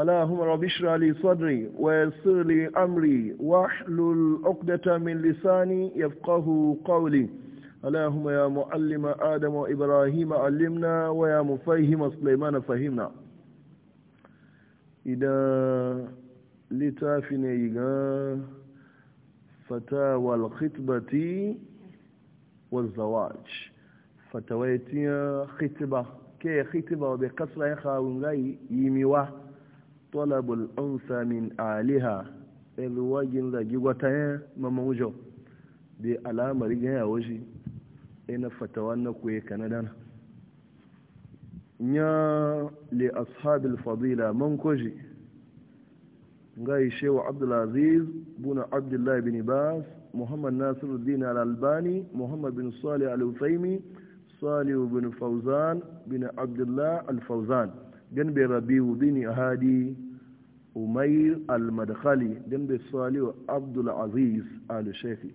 اللهم رب اشرح لي صدري ويسر لي امري واحلل عقده من لساني يفقهوا قولي اللهم يا معلم ادم وابراهيم علمنا ويا مفهم سليمان فهمنا اذا littafi يغا فتاوى الخطبه والزواج wa خطبه كي خطبه ke khitba wa bai talabul unsa min aliha ilwagin zagi wata ya wujo bai alamar gaya waje ina fatawa na kuwa na ya li ashabil fadila man koji ngai shewa abdulaziz buna abdullah bin bas muhammad nasiruddin al-albani muhammad bin salih al-uthaimi Salihu bin fauzan bin abdullah al-fauzan gan bai rabiu bin hadi umair al-madkhali gan bai salihu abdul aziz al-shafi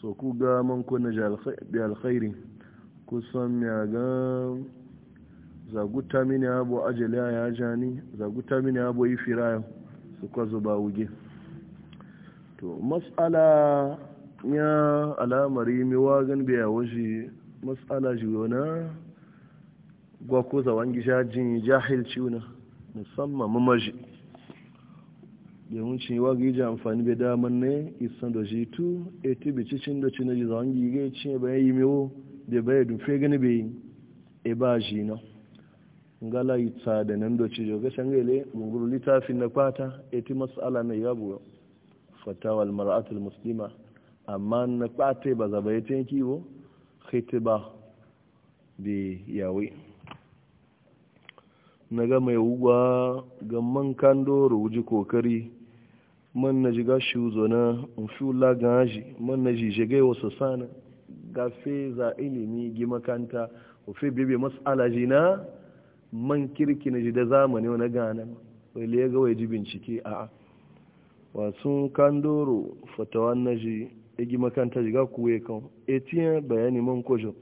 so ku ga man kuna bi alkhairi kusan ya ga zaguta mini abu ajaliya ya jani zaguta mini abu yi firaya su kwa zuba wuge to matsala ya alamari miwa gan biya waje matsala jiwona gwa ko zawon gisha jin jahilci wuna musamman mamaji domin ci wa gija amfani bai daman ne isan da shi tu a e ti bi cin da ci na ji zawon gige ci e bayan yi mewo da bayan dufe gani bai e ba shi na ngala yi ta da nan da ci joga can gele munguru littafin na kwata a e ti masala na yabu fatawal mar'atul muslima amma na kwata ba zaba ya tenki wo khitba bi yawi na ga mai wuwa ga man kando ruji kokari man na ji gashi uzo na fi wula gaji man na ji yi wasu sana gafe za ilimi gi makanta ofe bebe mas'ala ji na man kirki na ji da zamani wani gane wale ya ga ji bincike a wasu kandoro doro fatawan na ji e gi makanta ga kuwe kan etiyan bayani man kojo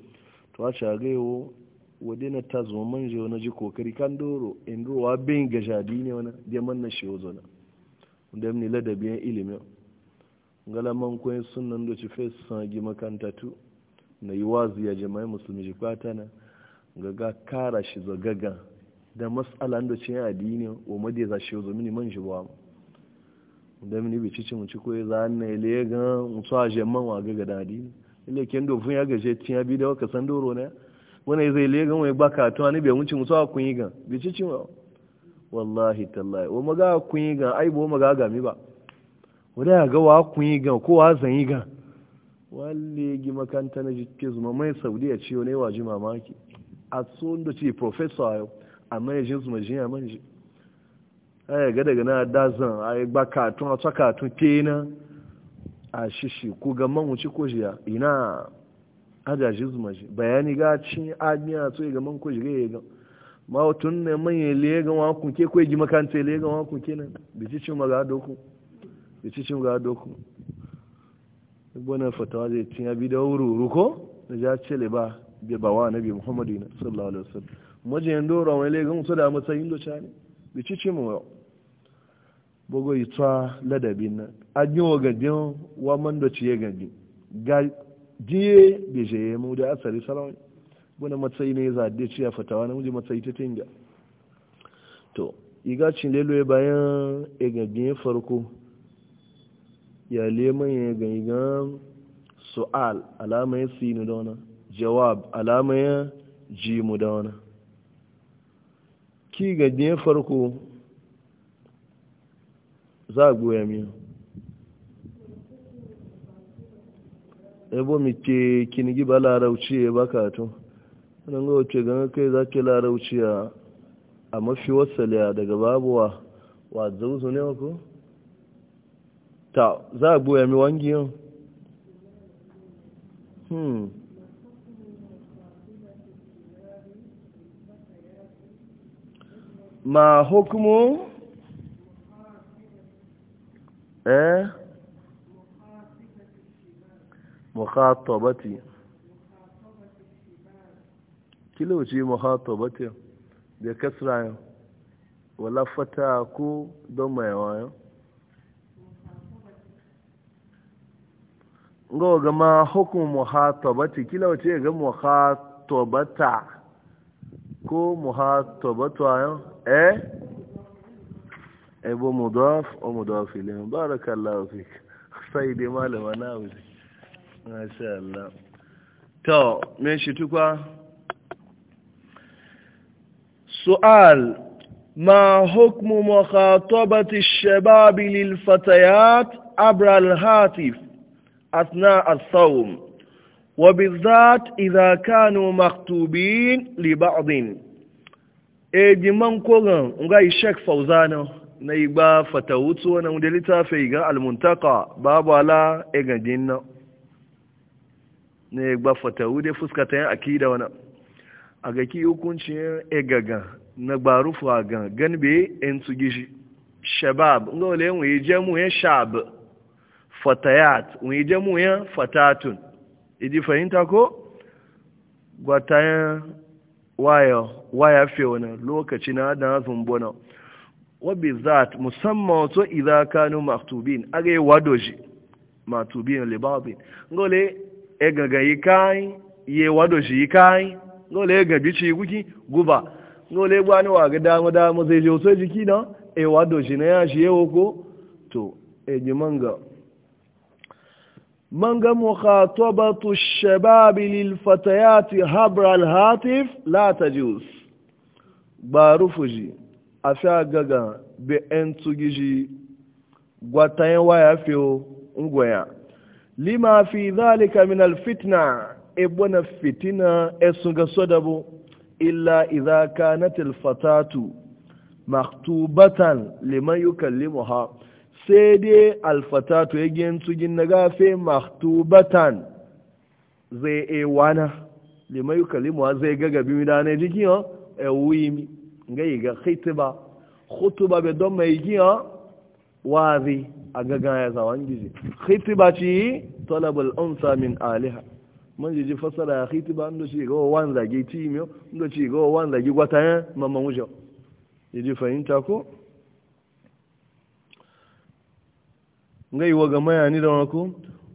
to a shagayewo wadina ta zo man je wani ji kokari kan doro in ruwa bin ga jadi ne wani da man na shi wazo na da mni ladabiyan ilimi galaman do sunan doci fes sagi makanta tu na yi wazi ya jama'i musulmi ji kwata na gaga kara shi zo gaga da matsala da ce addini wa madi za shi wazo mini man shi ba mu da mini bi cici mu ci ko za na ile ga mutu a jama'a wa gaga da addini ile ken fun ya gaje tin ya bi da waka san doro ne wani zai lega mai baka tuwa ni bai wuce musuwa kun yi gan bai ci cin wallahi tallahi wa maga kun yi gan ai maga gami ba wadda ya ga wa kun yi gan ko wa zan yi gan wale gi makanta na jike zuma mai saudi ya ciyo ne waji mamaki a tsohon da ce professor ayo a mai jin zuma jin ya manji ai ga daga na dazan ai baka tun a tsaka tun kenan a shishi ko ga man wuce ko jiya ina ajaji zumaji bayani ga cin amiya so ga man ko jige ga ma tun ne man ye le ga wa kun ke ko gi makanta le ga wa kun ke nan bi ci cin maga doku bi ci cin ga doku bona fatawa zai cin abi da wuru ko da ja ce le ba bi ba wa nabi muhammadu sallallahu alaihi wasallam maje ndo ra wa le ga so da matsayin do chani bi ci cin mu bogo itwa ladabin nan ajin wa gadin wa man do ciye gadin jiye bai je mu da asali salawai wani matsayi ne za a dace ya fatawa na muje matsayi ta tinga to igacin leloye bayan egagin farko ya leman ya gangan su'al alamayin si da wani jawab alamayin jimu da ki ki gajiyar farko za a goya miyan ebo mike kinigi ba larauci ya e baka tun don ga wace ganga kai za ke larauci a mafi wasaliya daga babuwa wa zauzu ne ko ta za a goya mi wangi yau hmm ma hukumu eh mukhatabati kilauci mukhatabati da kasra yau wala fata ku don mai wayo ga gama hukum muhatabati kilauci ga muhatabata ko muhatabatu ayo eh ebo mudaf o mudafilin barakallahu fik sai dai malama na wuce Masha'allah. To, me shi tukwa? Su'al, ma hukmu makhatabati shababi lil fatayat abra al-hatif asna al-sawm wa bizat idha kanu maktubin li ba'din. E jiman nga yi Sheikh fauzano, na yi ba fatawutu wani wanda littafi ga al-muntaka babu ala egajin nan. na ne gbafata wude a yin akida wani a ga ki hukuncin egaga na gbarufu a gan gan be en su gishi shabab nga wale yin wuyi jemu yin shab fatayat wuyi jemu yin fatatun idi fahimta ko gwata yin waya waya fe wani lokaci na adana zumbona wabi zat musamman wato idakanu maktubin aga yi wadoji matubin libabin ngole e gaga yi kai ye wado shi yi kai ngole e gabi ci guki guba ngole e gwani wa ga dama dama zai sai so jiki na e wado shi na ya shi yewo ko to e ji manga manga mukhatabatu shabab lil fatayati habra al hatif la tajuz barufuji afa gaga be entugiji gwatayen waya fiyo ngwaya lima fi zalika min alfitna ibwana e fitina esunga sodabu illa idha kanat alfatatu maktubatan liman yukallimuha sai dai alfatatu ya e gentu gin gafe maktubatan zai e wana liman yukallimuha zai ga gabi mi dane jikin ha e wimi ngai ga khitba khutba be don mai jikin ha wazi a gagaya zawon gizi khitiba ci talabal unsa min aliha man ji fasara ba ndo ci go wan zagi ti miyo ndo ci go wan zagi gwata ya eh, mamman wujo ji fahimta ko ngai ga gama ni da wako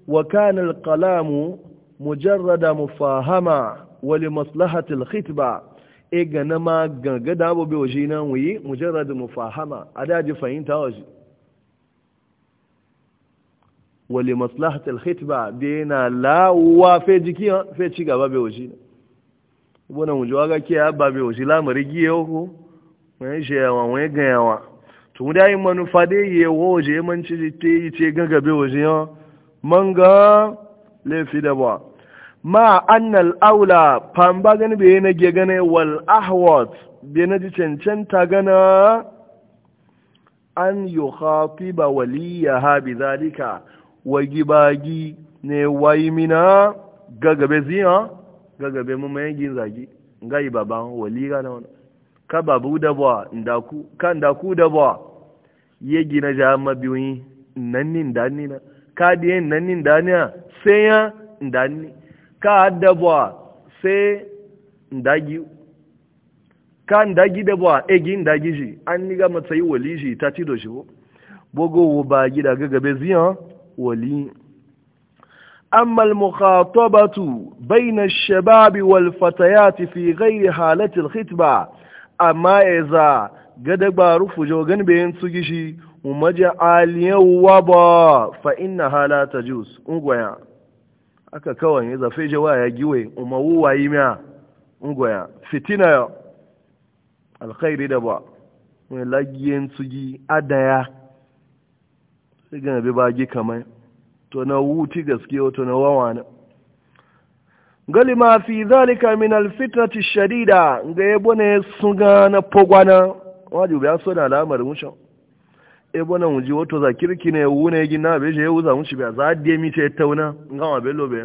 wa kanar kalamu qalamu mujarrada mufahama fahama. li maslahati al khitba e ga na ma ganga abubuwa shi nan wuyi mu mufahama a daji fahimta wa shi wali maslahatul khitba be na lawa fe jiki fe ci gaba be waje bona mu jo ga ke ba be waje la mari giye ko mai she yawa mai ga yawa to dai yi manufa de ye waje man ci te yi ce ga gabe waje man ga le fi da ba ma annal aula famba gani be na ge gane wal ahwat be na ji cancanta gana an yukhatiba waliyaha bi zalika wagi bagi ne wayi mina gagabe zina. gagabe mu mai gin zagi ngai baba wali ga na wani ka babu da ba ndaku ka ndaku da ba ya gina ja mabiyoyi nan Nanni ndani na ka diye nanni ndani ndani sai ya ndani ka da ba sai ndagi ka ndagi da ba egi ndagi shi an ni ga matsayi wali shi ta ci do shi bo bogo wo ba gida gagabe zina. Amal mu katɗo batu bai na shababi walfata ya tifi kai da halartar hitma, amma eza gada ba rufi joganbe 'yancigi shi mu maja Aliyu Wabar. Fa ina hala ta juice? N goya. A ka kawo ni, zafai jawo a miya. N goya. Fitina alkhairi da ba. Mun lakki yancigi adaya. sai bi bagi kamar to na wuti gaske wato na wawana gali ma fi zalika min alfitnati shadida ga yabo ne sun ga na pogwana wajibu ya so da alamar mushan ebo na wuji wato za kirki ne wu ne gina be je wu za mun shi ba za de mi ce tauna ga ma bello be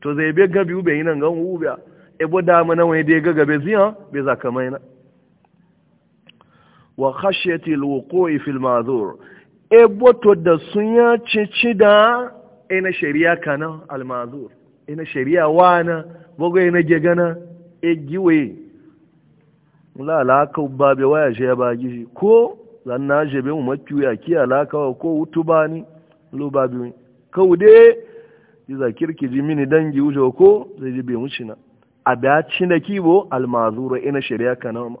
to zai be ga biu yi nan ga wu be ya da dama na wai dai ga gabe ziya be za kamai na wa khashyati alwuqu'i fil ma'dhur eboto da sun ya cici da ina shari'a kana almazur ina shari'a wana bogo ina gegana e giwe la alaka ba be waya je ba gishi ko zan na je be mu makiyu ya ki alaka ko utubani lo ba bi ji za kirki ji mini dangi wuce ko zai ji be wuce a biya cin da kibo almazura ina shari'a kana mu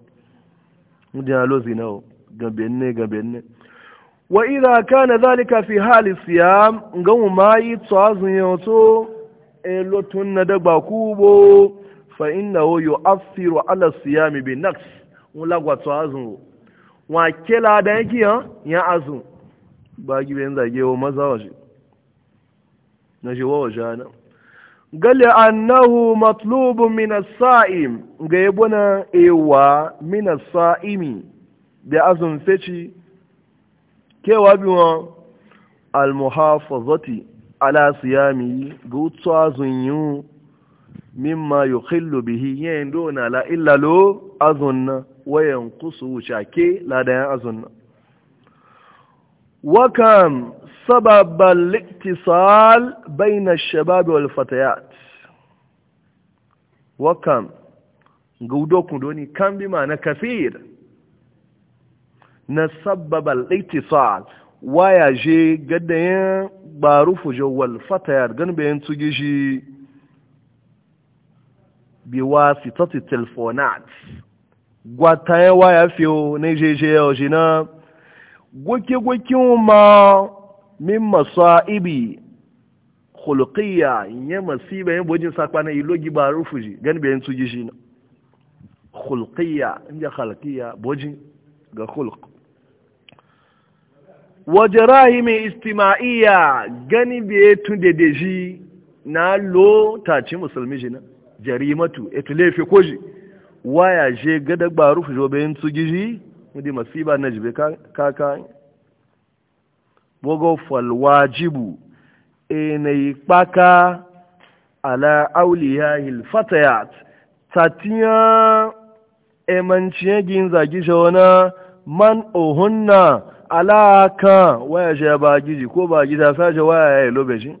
mujina lo zinawo gabenne gabenne wa idha kana dhalika fi hali siyam ngamu mai tsazun yoto elotun na dagba kubo fa innahu yu'athiru ala siyami bi naqs gwa tsazun wa kela da yake ya ya azun ba ben zage wa maza na shi wa waje na annahu matlubun min as-sa'im ga yabuna ewa min as-sa'imi da azun feci kewa biwa almuhafazati ala siyami gutsu azunyu yi mimma yukhillu bihi yayin dona la illa lo azunna wayan kusu shake ladayan azunna wa kam sabab al-iktisal bayna ash-shabab wal fatayat wa kam gudo kudoni kan bi ma na kafir na sababal itisal waya je ya baru fujo wal fatayar gan bayan tugi shi bi sitati telefonat gwataye waya fiyo na jeje yau shi na gwake-gwake ma min ibi khulqiyya ya masiba yin bojin sakpa na ilogi baru fuji gan bayan tugi shi na Kulkiya inda khulqiyya bojin ga khulq wajarahi mai istima'iyya gani biye tun da na lotaci taci musulmi jina jarimatu etu laifi koji waya je gada gbaru fi jobe yin su gizi wadda masiba na jibe kaka bogo falwajibu e na yi kpaka ala auliya hilfatayat tatiya emanciyar gin zagi shawana man ohunna alaka waya je ba giji ko ba gida saje waya ya lobe shi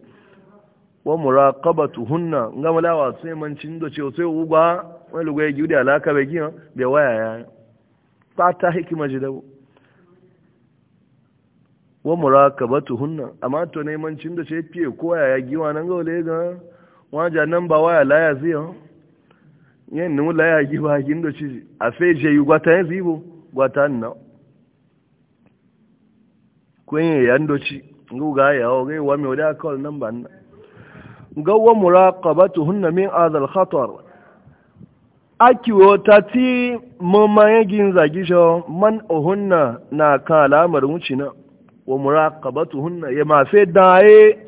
wa muraqabatu hunna ngama lawa sai man cin do ce sai uba wani lugo ya gidi alaka be giya waya ya ta ta hikima je dawo wa muraqabatu hunna amma to ne man cin do ce fiye waya ya nan ga wale ga waja nan ba waya la ya ya gwata kwenye ya ndoci ga ya oge wa mai wada kawai nan na nan gawa muraqabatu hunna min azal khatar akiwo tati mamaye gin zagi sho man hunna na kala alamar na, wa muraqabatu hunna ya ma fe daye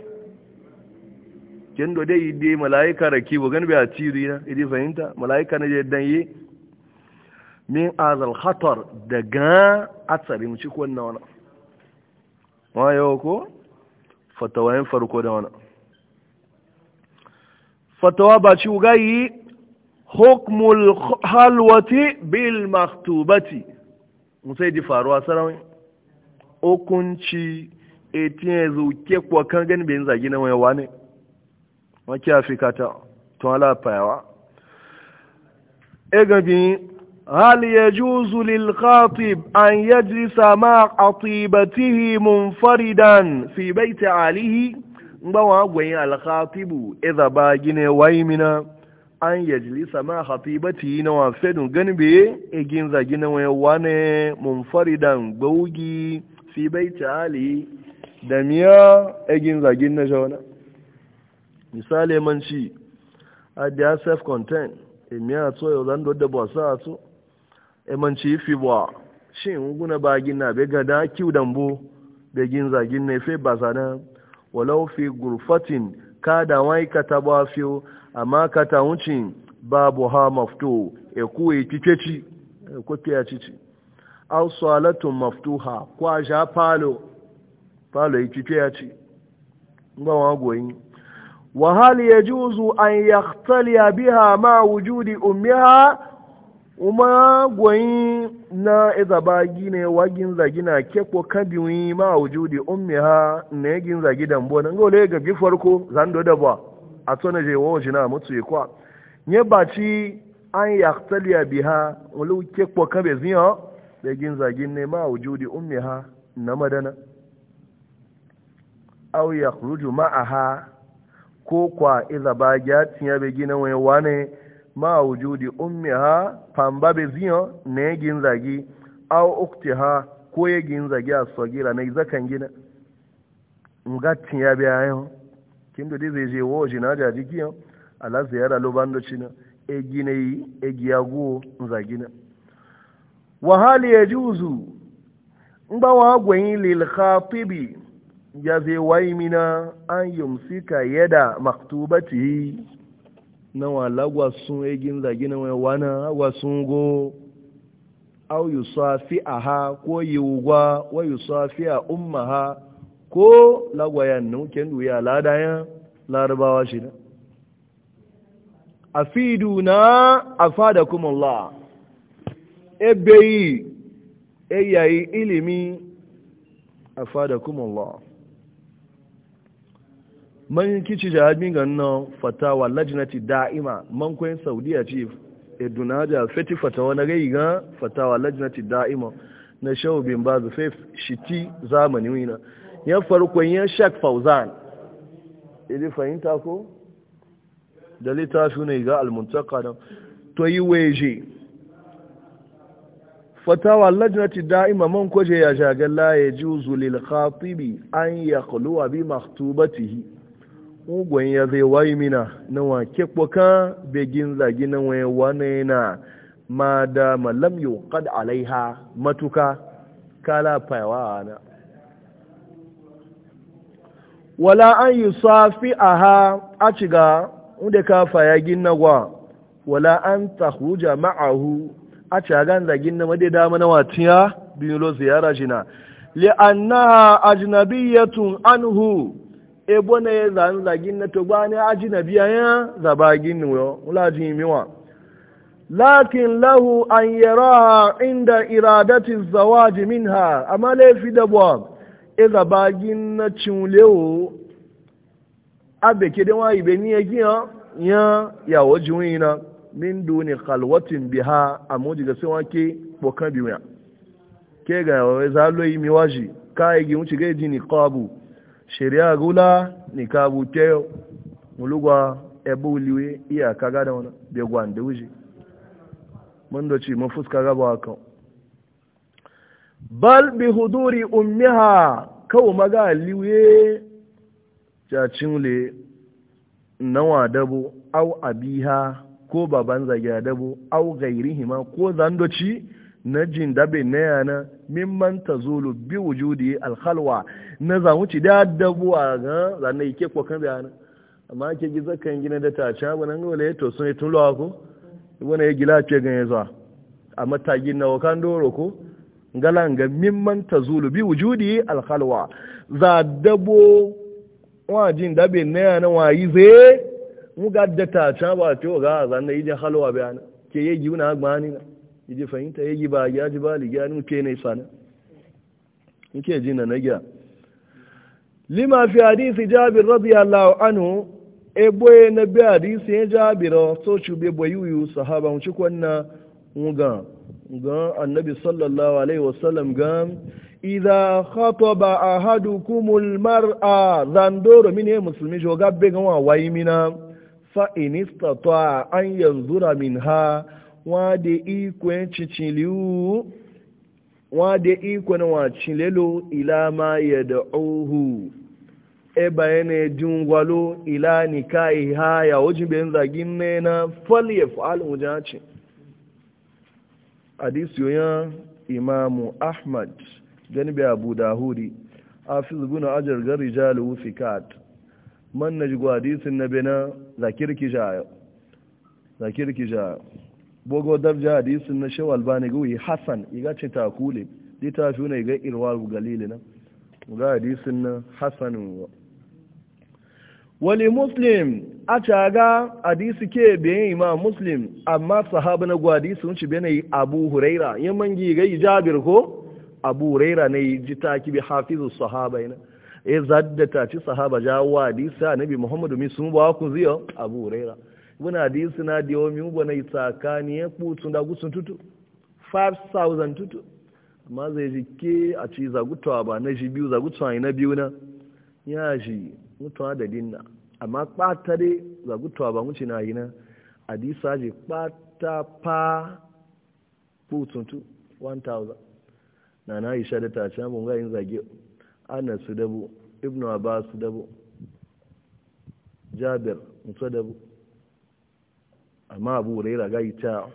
kendo dai ide malaika rakibu gan biya tiri na idi fahimta malaika ne dan yi min azal khatar daga mu ci ko wannan wannan wa yau ko fatawayen farko da wani fatawa ba ci gayi hukmul halwati bil maktubati musai ji faruwa sarawin hukunci etinye zuke kuwa kan gani bayan zagi na wayewa ne wakil afirka ta tun ala fayawa e هل يجوز للخاطب أن يجلس مع قطيبته منفردا في بيت عليه مبوا غوين الخاطب إذا باجين ويمنا أن يجلس مع خطيبته نوافد جنبي إجين زاجين ويواني منفردا بوجي في بيت علي دميا إجين زاجين نجونا مثال منشي أدي self content إميا أتو يوزان دود بواسا أتو emanci fi bwa shin guna bagin na be da, kiw dambo be gin zagin ne fe bazana walau fi gurfatin kada wai kataba fiyo amma ta wucin babu ha mafto e kuwa kikeci ko tiya e cici aw salatun maftuha kwa ja palo palo ya e ci ngawa goyin wa hal yajuzu an yaxtaliya biha ma wujudi ummiha uma goyi na izaba gine wa ginza gina kekwa ko kabiwi ma wujudi Ummi ha ne ginza da bo na ngole ga gi farko zando da ba a tsona je wo na mutu kwa nye ci an yaqtaliya biha wulu ke kekwa kabe zinya da ginza ne ma wujudi Ummi ha na madana ma a ha, ko kwa izaba ya tinya be gina wani ma wujudi ha famba be ziyo ne ginzagi aw ha ko ya ginzagi a sagira ne zakan gina ngatin ya biya yo kindo de zai je wo jina da jikiyo ala ziyara lo bando china e gine yi e giyago nzagina wa hali yajuzu ngba wa gwen lil khatibi ya zai waimina an yumsika yada maktubatihi na lagwa sun egin zagi na wana sun go au a ha ko yiwuwa wa safi a ha ko lagwayan nan ken duya ladayan larabawa shi ne afidu na afadakum Allah ebeyi e yi ilimi kuma Allah man kici jihar ga nan fatawa lajinati da'ima man kwayin saudiya ce eduna da feti fatawa na gai ga fatawa lajinati da'ima na shawo bin ba zu fef shiti zamani wina ya farkon ya shak fauzan ili fahimta ko dalita su ne ga almuntaka da to yi weje fatawa lajinati da'ima man kwaje ya shagalla ya ji zulil khatibi an ya kuluwa bi maktubatihi mugun ya zai wayi mina na wake kwaka begin zagi na wani na ma da malam yi kad alaiha matuka kala fayawa na wala an yi safi a ha a ciga inda ka fayagin na gwa wala an ta huja ma'ahu a cagan zagin na wadda dama na watiya biyu lo ziyara jina li'annaha ajnabiyyatun anhu ebo na ya zan zagin na to ne aji na biya ya zabagin ne wala ji miwa lakin lahu an yaraha inda iradati zawaji minha amma laifi da bo e zabagin na cinlewo abe kede wa ibe ni ya e giya ya ya wajin na min duni khalwatin biha amuji ga sai wake bokan biya ke ga e za zalo yi miwaji kai e gi mu ga ji qabu shari'a gula ni ka bute mulugwa ebe uliwe iyaka gada wani bai gwanda wuce mun da ce mafuska bal bi huduri ummiha kawo maga liwe cacin le nawa dabu au abiha ko baban zagiya dabo au gairihima ko zandoci na jin dabe na yana mimman ta bi wujudi alhalwa na zamuci ci da dabu a ga zanne yake ko kan bayana amma ke gi zakan gina da ta ca wannan ga wala to sun tun lawa ko wani ya gila ce ga yazo a matagi na wakan doro ko ngalan ga mimman tazulu bi wujudi al khalwa za dabo wajin dabe na yana wayi zai mu ga da ta ca ba to ga zanne yi halwa bayana ke yi na gbani na yi fahimta yi ba ya ji ba ligani nuke ke ne sana nke ji na nagya lima fi hadisi jabir radiyallahu anhu ebo boye na bi hadisi ya jabira so ci be boyuyu sahaba mu cikon na nga ga annabi sallallahu alaihi wasallam ga idza khataba ahadukumul mar'a zandoro mine musulmi jo gabbe ga wa waimina fa inistata an yanzura minha wa de ikwen ciciliu wade iko na wacin lelo ila ma ya da ohu e bayane walo ila ni ka ha ya wajen bayan zagin ne na falye fa'al wujaci hadisiyoyin imamu ahmad gani bai abu dahudi a fi na ajar gari jalu fikat man na jigwa hadisin na bena zakirki jayo zakirki jayo bogo darja hadisin na shawal bani gawi Hassan iga ce takule fi ne iga irwa galili na ga hadisin na Hassan wani muslim a caga hadisi ke biyan ima muslim amma sahaba na hadisi sun ci yi abu huraira yin mangi ga jabir ko abu huraira yi ji taki bi hafizu sahaba ina e zadda ta ci sahaba jawo hadisa nabi muhammadu mai sun ba ku ziyo abu huraira ibn hadisi na da yawon yubo na tsakani ya kutsun da gusun tutu 5,000 tutu amma zai ji ke a ci zagutuwa ba na shi biyu zagutuwa na biyu na ya shi mutuwa da dinna amma kpata dai zagutuwa ba muci na yi na hadisa ji kpata pa kutsun tu 1,000 na na isha da ta ce mun ga yin zage ana su dabu ibn abbas dabu jabir musa dabu amma abu raira gai ta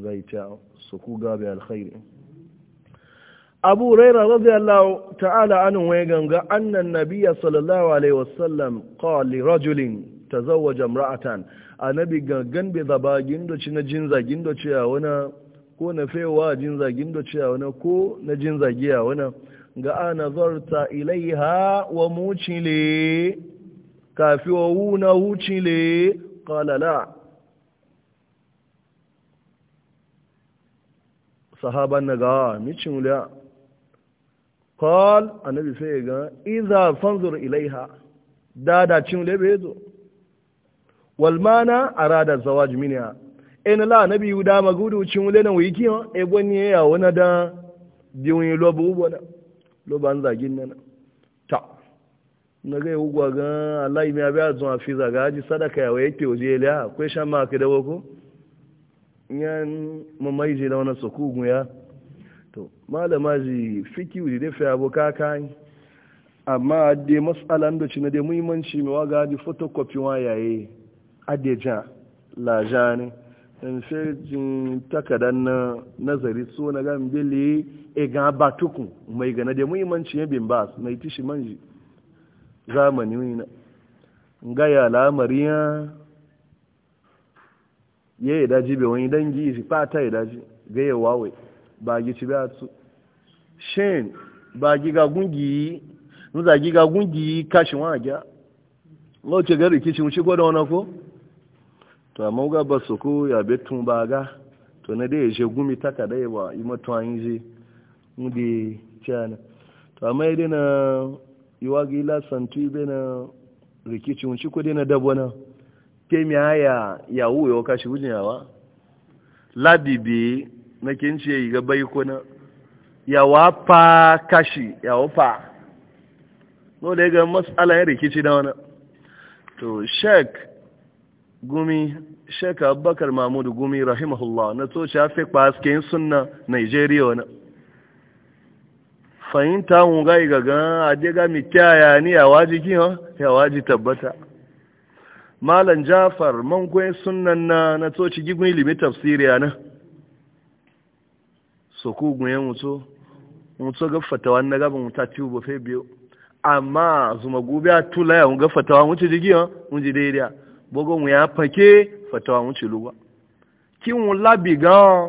gai ta su ku gabe alkhairi abu raira allah ta'ala anu wai ganga annan nabiyya sallallahu alaihi wasallam qali rajulin tazawwaja imra'atan annabi gangan bi zaba gindo ci na jinza gindo ci a wani ko na fewa jinza zagin do a wani ko na jin zagiya wani ga ana zarta ilaiha wa mucile kafi wa wuna wucile qala la sahaban naga micin la qal annabi sai ga idza fanzur ilaiha dada cin le bezo wal mana arada zawaj minha in la annabi yuda magudu cin le na wiki e bonni ya wona da biwin lobo bona loban zagin nan na ga yau gwagan Allah yi mai a zuwa fi zaga ji sadaka yawa yake waje liya akwai shan ma ka dawo ko yan mamaye je da wani sukugun ya to malama ji fiki wuri dai fa aboka kan amma dai mas'alan da cin da muhimmanci mai waga haji photocopy wa yaye adeja lajani in sai jin takadan na nazari so na gan mbele e ga batukun mai gana da muhimmanci ya bin ba mai tishi manji zamani wina ga ya lamari ya ya idaji bai wani dangi shi fata ya ga ya wawe ba gi ci ba su shin ba gi ga gungi mu za gi ga gungi kashin wa ga lokaci ga rikici mu ci gwada wani ko to amma ga ba su ku ya betun ba ga to na dai je gumi taka dai ba yi matuwan mu da ciyana to amma ya dai na iwagi la santi bena rikici mun shiko na dabona kemi haya ya huyo kashi wunyawa ladibi na kince ya yi kuna ya wafa kashi ya wapa no da ga mas'ala ya rikici na wani to shek gumi shek abubakar mahmudu gumi rahimahullah na to shafi yin suna nigeria wani fahimta mu ga igaga ade ga mi ni ya waji kin ya waji tabbata malam jafar man kwen sunnan na na to ci gigun ilimi tafsiri ana so ku gun yan mutu mutu ga fatawa na gaban muta ci bo fe biyo amma zuma gobe a ya ga fatawa mutu jigi ha mun ji daidai bogo mu ya fake fatawa mutu luwa kin labi ga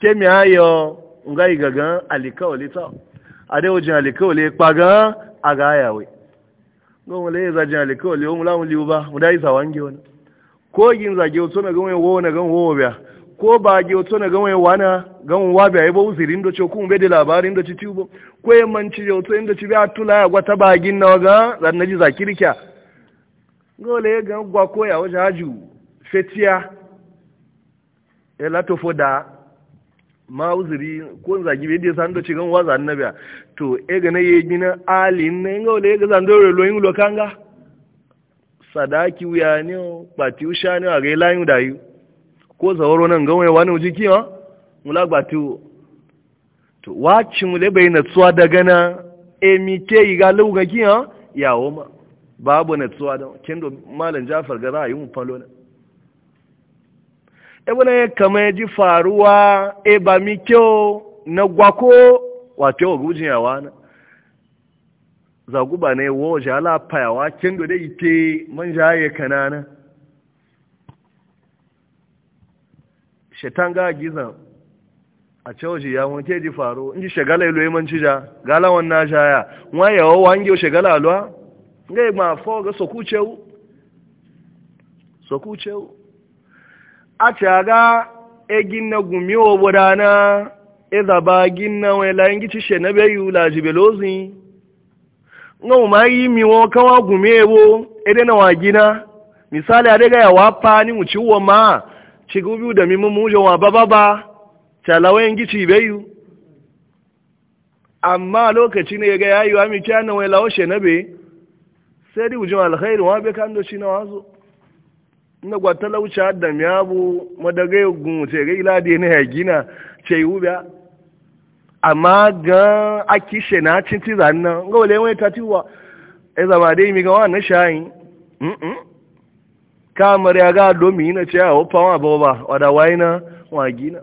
kemi ayo ngai gaga alikawli ta adewo jin alikawale kpagan a ga ayawe gawon lai za jin alikawale wani lamun liyu ba mu dai sawa nge wani ko gin zage wato na gawon wo na gawon wo biya ko ba ge wato na gawon wana gawon wa biya yabo uzirin da ce kuma bai da labarin da ci tubo ko ya manci da wato inda ci biya tula ya gwata e bagin na waga zan na ji zakirkiya gawon lai ga gwa koya wajen haju fetiya ya latofo da ma uziri ko zagi bai da san da ci gan waza annabiya to ega na ye gina alin na nga ole ega zandore lo yin lokanga sadaki uya ni o pati usha ni aga ila yin da yu ko zaworo nan ga wani uji ki ha mula gbati e o to wa ci mule bai na tsuwa daga na emi ke yi ga lauga ki ha yawo ma babu na tsuwa da kendo malam jafar ga ra'ayi mu falo na ebona ya kama ya ji faruwa e ba mi kyau na gwako wato wa gujin yawa na zaguba ne wo jala payawa kin do dai te ya jaye kanana shetan ga gizan a cewaji ya wanke ji faro in shagala ilo man cija gala wannan jaya wa yawa wange shagala alwa ngai ma fo ga soku cewu a ta ga egin na gumi wa na. eza ba ginna wai layin gici she na bai yu laji belozi nga ma yi mi wo kawa gume wo ede na gina misali a daga ya wa ni mu ciwo ma ci gubi da mi mu jo wa baba ba talawen gici bai yu amma lokaci ne ga yayi wa mi kyana wai lawo she na bai sai di ujin alkhairu wa bai kan do na wazo na gwata da miyabu madagai gun ce ga ilade ne ya gina ce yi wubiya amma ga aki she na cin ti zan nan ga wale wani ta tiwa e zama dai mi ga wannan shayin mm kamar ya ga domi na ce a hofa ba boba wada waina wa gina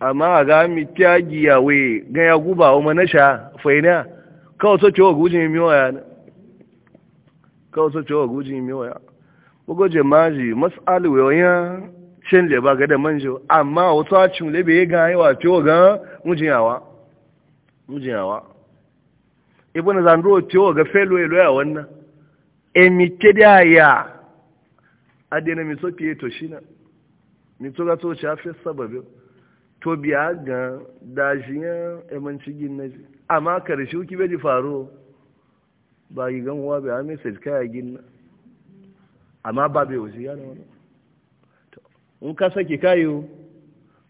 amma ga mi kyagi ya we ga ya guba o wa sha faina kawai so cewa gujin mi waya kawai so cewa gujin mi waya bugo jemaji mas'alu wayan shen le ba ga manjo amma wato a cin lebe ga yi wato ga mujiyawa mujiyawa ibn zandro to ga felo elo ya wannan emite da ya adena mi so pie to shina mi to ga to cha fe sababe to biya ga dajiya e man cigin naji amma karshe ki be faro ba yi gan wa be a message kai gin amma ba be wuci yana wannan in ka saki kayo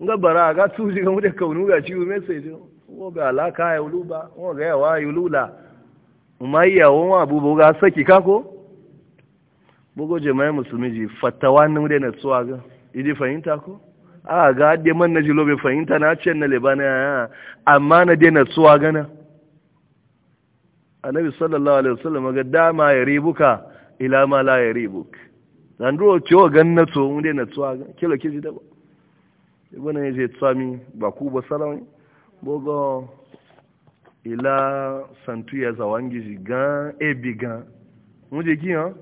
in ga bara ga tuji ga mude kaunu ga ciwo message wo ga alaka ya uluba wo ga yawa yulula ma ya wo ma abubu ga saki kako bugo mai musulmi ji fatawa nan mude na tsuwa ga idi fahimta ko a ga de man na jilo be fahimta na ce na lebana amma na de na tsuwa gana annabi sallallahu alaihi wasallam ga dama ya ribuka ila ma la ya ribuka zanduro cewa gan na to mun dai na tsuwa kilo kiji da ba ibana ya je tsami ba ku ba sarawai bogo ila santu ya zawangi e ji gan ebi gan mu je giya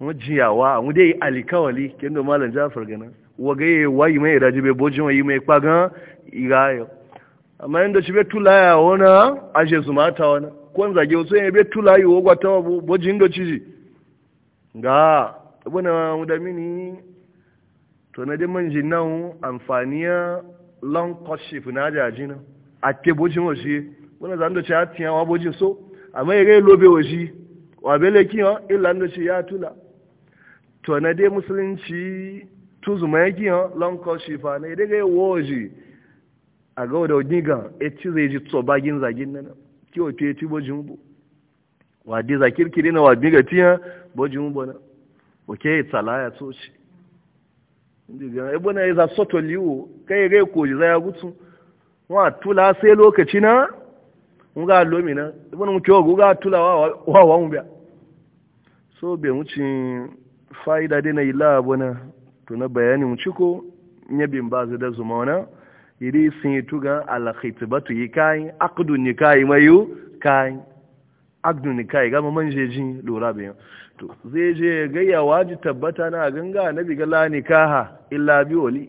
mu jiyawa mun dai alikawali kendo malam Jafar gana ga ye wayi mai raji be bojin wayi mai kwagan igayo amma inda shi be tulaya wona aje su mata wona kon zage so ne be tulayi wogwa ta bojin do ciji ga ibina mudamini to na dimman jinan amfaniya long courtship na jajina a ke bojin waje wani zan da ce ya tiya wa bojin so amma ya gai lobe waje wa bele kiyan illa da ce ya tula to na dai musulunci tuzuma ya kiyan long courtship na ya daga yawo waje a ga da giga ya ci zai ji tsobagin zagin nan kiwo ke ci bojin bu wa dai zakirkiri na wa giga tiya bojin bu na wake ya tsoci ebo na iza e soto liwo kai e gai e koji zai gutu wa tula sai lokaci na nga lomi na ibu na muke ogu ga tula wa wa mbiya so be mucin fa'ida dai na ila abu na tuna bayani mu ciko nye bin ba zai da zuma wana iri sun yi tuga alakhitibatu yi kayan akdu kayi mayu kayan akdu nikayi gama manjejin lura bayan to zai je gayya waji tabbata na ganga na biga la nikaha illa bi wali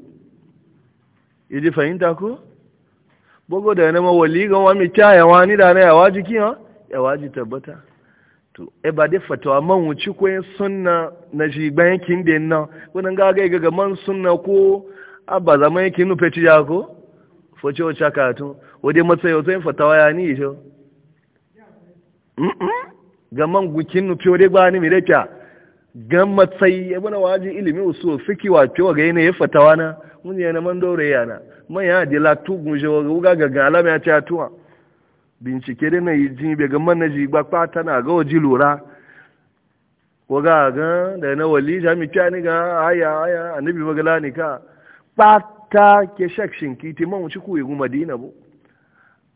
yaji fahimta ko bogo da nama wali ga wami ta ya wani da na ya waji kiyo ya waji tabbata to e ba dai fatawa man wuci ko sunna na shi bayan kin den nan wannan ga ga ga man sunna ko abba zaman kin nufe ci ya ko focho o chakatu wode matsayo sai fatawa ya ni sho mm, -mm. ga gukin nu bani ni mi rekya gan matsayi ibn waje ilimi su fiki wa ga yana fatawa na mun yana man dore yana man ya de la tu gunje wa ga ga alama ya ta tuwa bincike da na yi jin be ga man na ji gba tana ga waji lura waga ga da na wali jami ni ga aya aya annabi magala ni ka ta ke shakshin kiti man wuce ku yi madina bu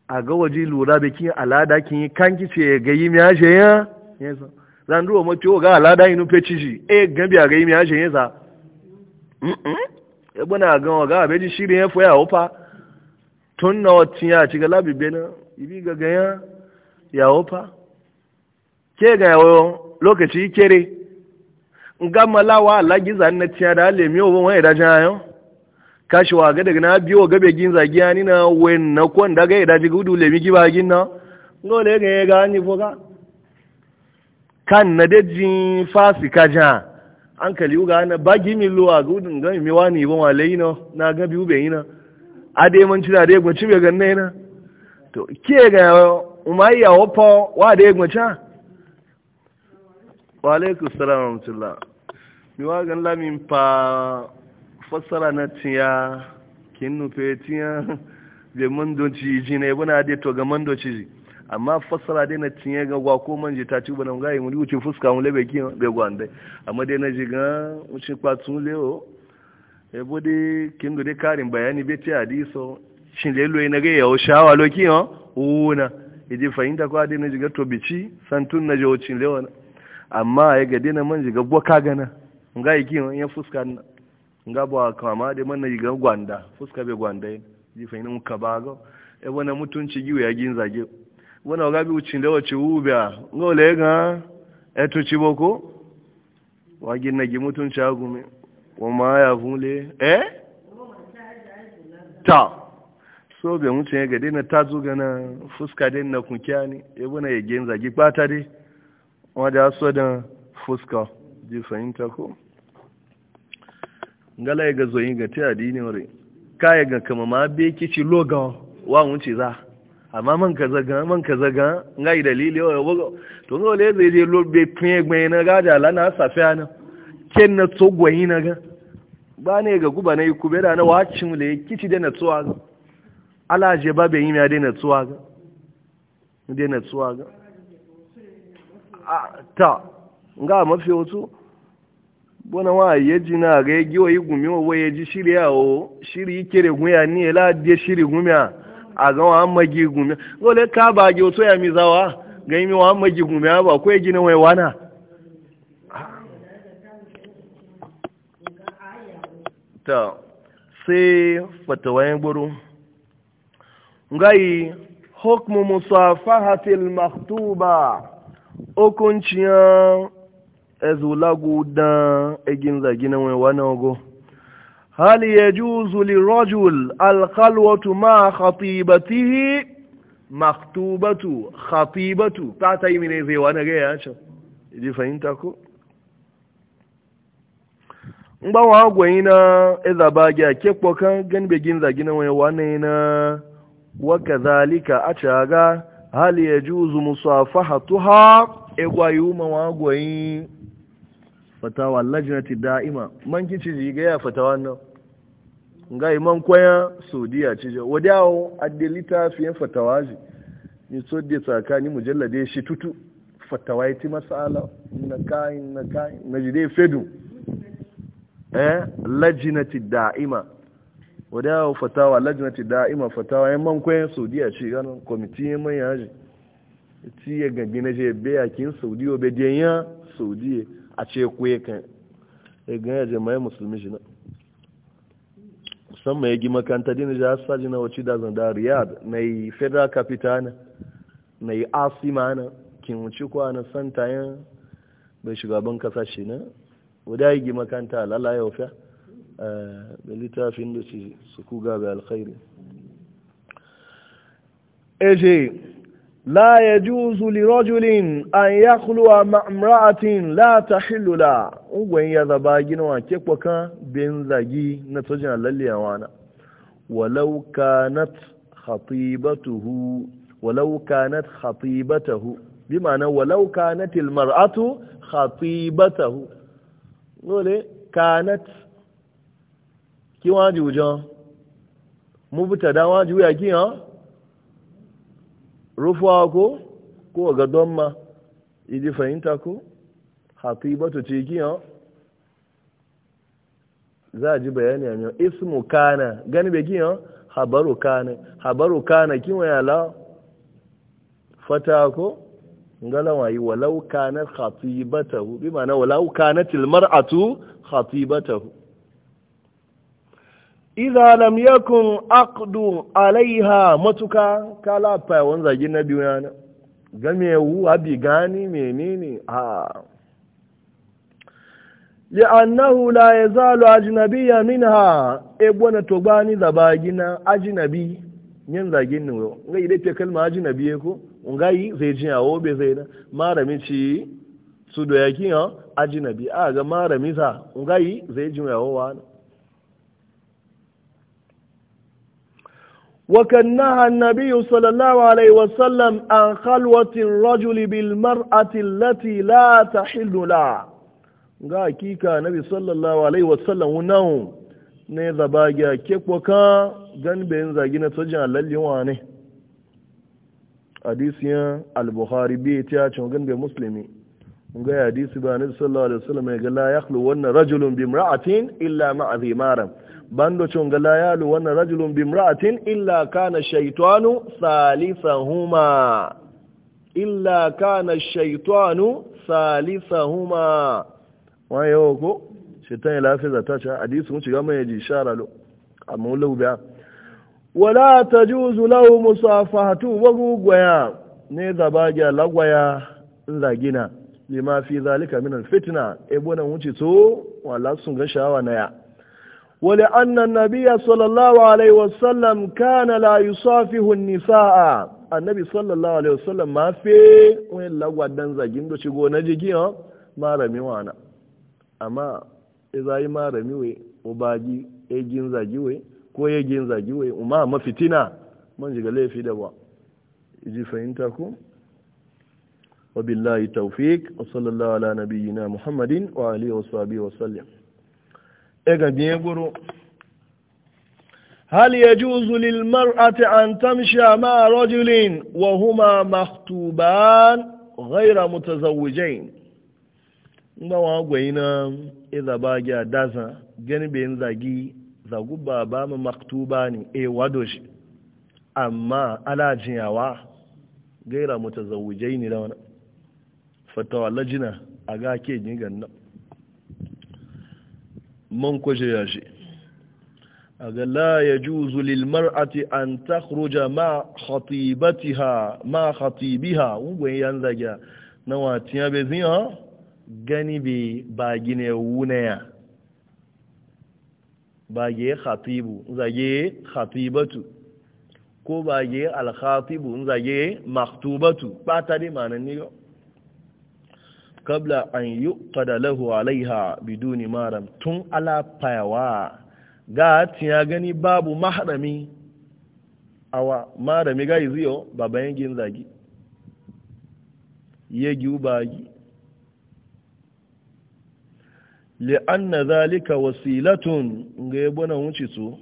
a ga waje lura da kin alada kin yi kan kice ga yi mi aje ya yesa zan ruwa mace ga alada inu peci shi e eh, gambi a ga yi mi aje yesa e bana ga ga be ji shirin ya foya opa tun na watin ya ci ga labi bena ibi ga ga ya ya opa ke ga yo lokaci kere ngamalawa alagiza na tiya da lemi obon wani da jayo kashi wa ga daga na biyo ga begin zagi ani na wen na kon daga ida ji gudu le giba gin na ngole ga ga ni foga kan na de jin fasi kaja an kali uga na bagi mi lo a gudun ga mi wani bon wale ino na ga biu be ina ade mun tira de gwa cibe ga ne na to ke ga ya opo wa de gwa cha wa alaikum salam wa rahmatullah mi wa gan lamin pa fassara na tiya kin nufe tiya bai mandoci ji ne bana dai to ga mandoci ji amma fassara dai na tiya ga gwa ko manje ta ci bana ga mu wuce fuska mu lebe ki be gwande amma dai na ji ga wuce kwatun leo e bodi kin do karin bayani be ti hadiso shin lelo ina ga yawo shawa loki ho una idi e fahimta ko dai na ji ga to bici santun na je wucin leo amma ya e ga dai na manje ga boka gana ngai ki ya fuska na nga ba kama da mana yi ga gwanda fuska be gwanda yi ji fahimta muka ba e ga e wona mutunci giwe ya gin ge wona ga bi ucin da ci ubya nga lega eto ci boko wa ginna gi mutunci agumi wa ma ya vule eh ta so be mutunci ga dai na ta zo fuska den na kunkiani e wona ya gin gi ba ta dai so da fuska ji fahimta ko ngala ya ga zoyin ga ta adini wuri kaya ga kama ma be kici loga wa wuce za amma man ka zaga man ka zaga ngai dalili wa bogo to ngo le zai je lo be pin egbe na ga da lana safiya na ken na to gwayi na ga ba ne ga guba na yi kube da na wacin le kici da na tsuwa ga ala je ba be yi ma da na tsuwa ga da na tsuwa ga ta nga mafi wasu bona wa yeji na ga yegi wa igumi wa yeji shiri yawo shiri ikere gunya ni ela de shiri gumi a ga wa magi gunya gole ka ba ge to ya mi zawa ga mi wa gumi gunya ba ko yeji na wai wana ta sai fatawayen gboro ngai hukmu musafahatil maktuba hukuncin ezulagu dan egin zagina wani wani ogo hali ya juzu lirajul alkalwatu ma khatibatihi maktubatu khatibatu ta ta yi mine zai wani gaya ce ji fahimta ko ngbawa agwayi na ezaba gya kekpo kan gani begin zagina wani wani na waka zalika a caga hali ya juzu musafahatuha egwayi umawa agwayi fatawa lajnati da'ima man kici ji ga ya fatawa nan ga imam koya saudiya ci je wadawo addelita fiye fatawa ji ni sodde tsakani mujallade shi tutu fatawa ti masala na kai na kai na jide fedu eh lajnati da'ima wadawo fatawa lajnati da'ima fatawa imam koya saudiya ci ganin committee mai yaji ti ya gaggina je be yakin saudiyo be denya saudiya a ce kuye kan ya ganya jama'ai musulmi shi na musamman ya gi makanta dina ja saji na wace da zanda riyad na yi federal capital na na yi asima na kin wuce kuwa na santa yin bai shugaban kasa shi na wadda ya gi makanta lala ya wafiya eh, da littafin da su kuga ga alkhairi eh, لا يجوز لرجل أن يخلو مع امرأة لا تحل لا وين يذباجين وكيف وكان بين ذاجي نتجنا لليوانا ولو كانت خطيبته ولو كانت خطيبته بمعنى ولو كانت المرأة خطيبته نقول كانت كي واجي وجان مبتدا واجي ويا كي ها rufuwa ko ko ga donma idi fahimta ko hatibatu ce kiyan za a ji bayani a miyan ismu kana gani bai kiyan habaru kana habaru kana kiwa ya la fata ko ngalawa yi walau kana hatibatahu bi ma'ana walau kana tilmar'atu hatibatahu Iza lam yakun aqdu alaiha matuka kala fa wani zagi na biyu yana game wu abi gani menene a annahu la yazalu ajnabiyya minha e bona to gani da bagina ajnabi nyen zagin ne yo ngai dai te kalma ajnabi ko ngai zai ji yawo be zai na marami ci su do yakin ajnabi a ga marami sa ngai zai ji yawo wa وكان نهى النبي صلى الله عليه وسلم عن خلوة الرجل بالمرأة التي لا ga kika nabi sallallahu alaihi wasallam wunan ne zaba ga kekwaka ganben zagi na tojin alallin wane hadisiyan al-bukhari bai ta cin ganbe muslimi ga hadisi ba nabi sallallahu alaihi wasallam ya ga la yakhlu wannan rajulun bi imra'atin illa ma'a zimaran bando chunga la yalu wana rajulun bimra'atin illa kana shaytanu salisahuma illa kana shaytanu salisahuma wayo ko shaitan ya lafi zata ce hadisi mun shiga mai ji shara lo amma wala ubiya wala tajuzu lahu musafahatu wa gugwaya ne zaba ga lagwaya lagina lima fi zalika min alfitna e bona wuce to wala sun ga shawa na ya ولأن النبي صلى الله عليه وسلم كان لا يصافه النساء النبي صلى الله عليه وسلم ما في وين لا ودان زاجين دو شيغو نجيجي ما رمي وانا اما اذا يي ما رمي وي وباجي ejin zagi wai ko yagin zagi wai وما ما man jiga laifi da في دبا fahimta ku وبالله توفيق وصلى الله على نبينا محمد وعليه وصحبه وسلم ga biye guru هل يجوز wa huma تمشي مع رجل وهما مخطوبان غير متزوجين ngawa gwaina iza ba gya daza gani bayan zagi zagu ba ba mu maktuba ne e wado shi amma ala jiyawa gaira mutazawwijai ne da wani fatawa lajina a ga ke jin ganna man kwaje ya shi a ga la ya juzu lilmar ati an takruja ma khatibatiha ma khatibiha ungon yan zagiya na watin ya bezin ya gani bi ba gine wune wunaya ba ge khatibu zage khatibatu ko ba ge alkhatibu zage maktubatu ba ta dai manan ne yau kabla an yi lahu alaiha biduni maram tun alafayawa ga ya gani babu maharami awa marami ga baban gin zagi gi Le'an na zalika wasilatun ga ya na wuce su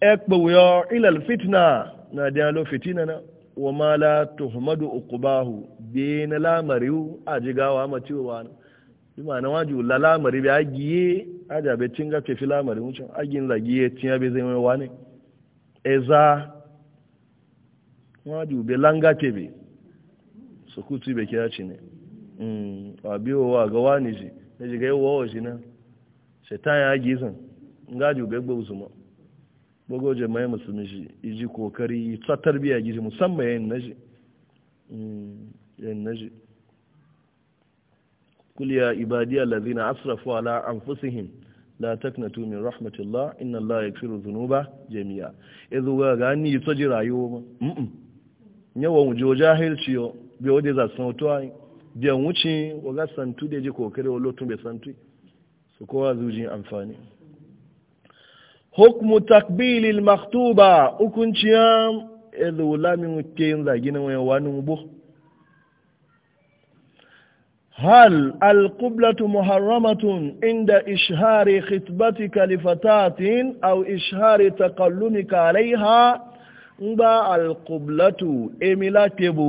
ekpe wuyo ilal fitna na dialo fitina na wa ma la tuhmadu uqbahu be na lamari a jigawa ma cewa bi ma na waju la lamari bi agiye aja be tinga ce fi lamari mu cin agin zagiye tinya be zai mai wani eza waju be langa ce be sukutu be kira ci ne mm wa biyo wa ga wani ji ne jiga yawa wa shi na shetan ya gizan ngaju be gbo usuma gbogbo jama'i musulmi shi iji kokari ta tarbiya gizi musamman yayin naji hmm, yayin naji kul ya ibadiya lazina asrafu ala anfusihim la taknatu min rahmatillah inna allaha yaghfiru dhunuba jami'a idu ga gani to ji rayuwa mm yawa wujo jahilci yo bi wode za san to ai bi an wuce ga santu da ji kokari wa lotun be santu su kowa zujin amfani hukmu takbili maktuba hukunciya Edo lamin ke yin zagi wani wani mubu hal alqublatu muharramatun inda ishari khitbati kalifatatin au ishari taqallumika alaiha ngba alqublatu emila tebu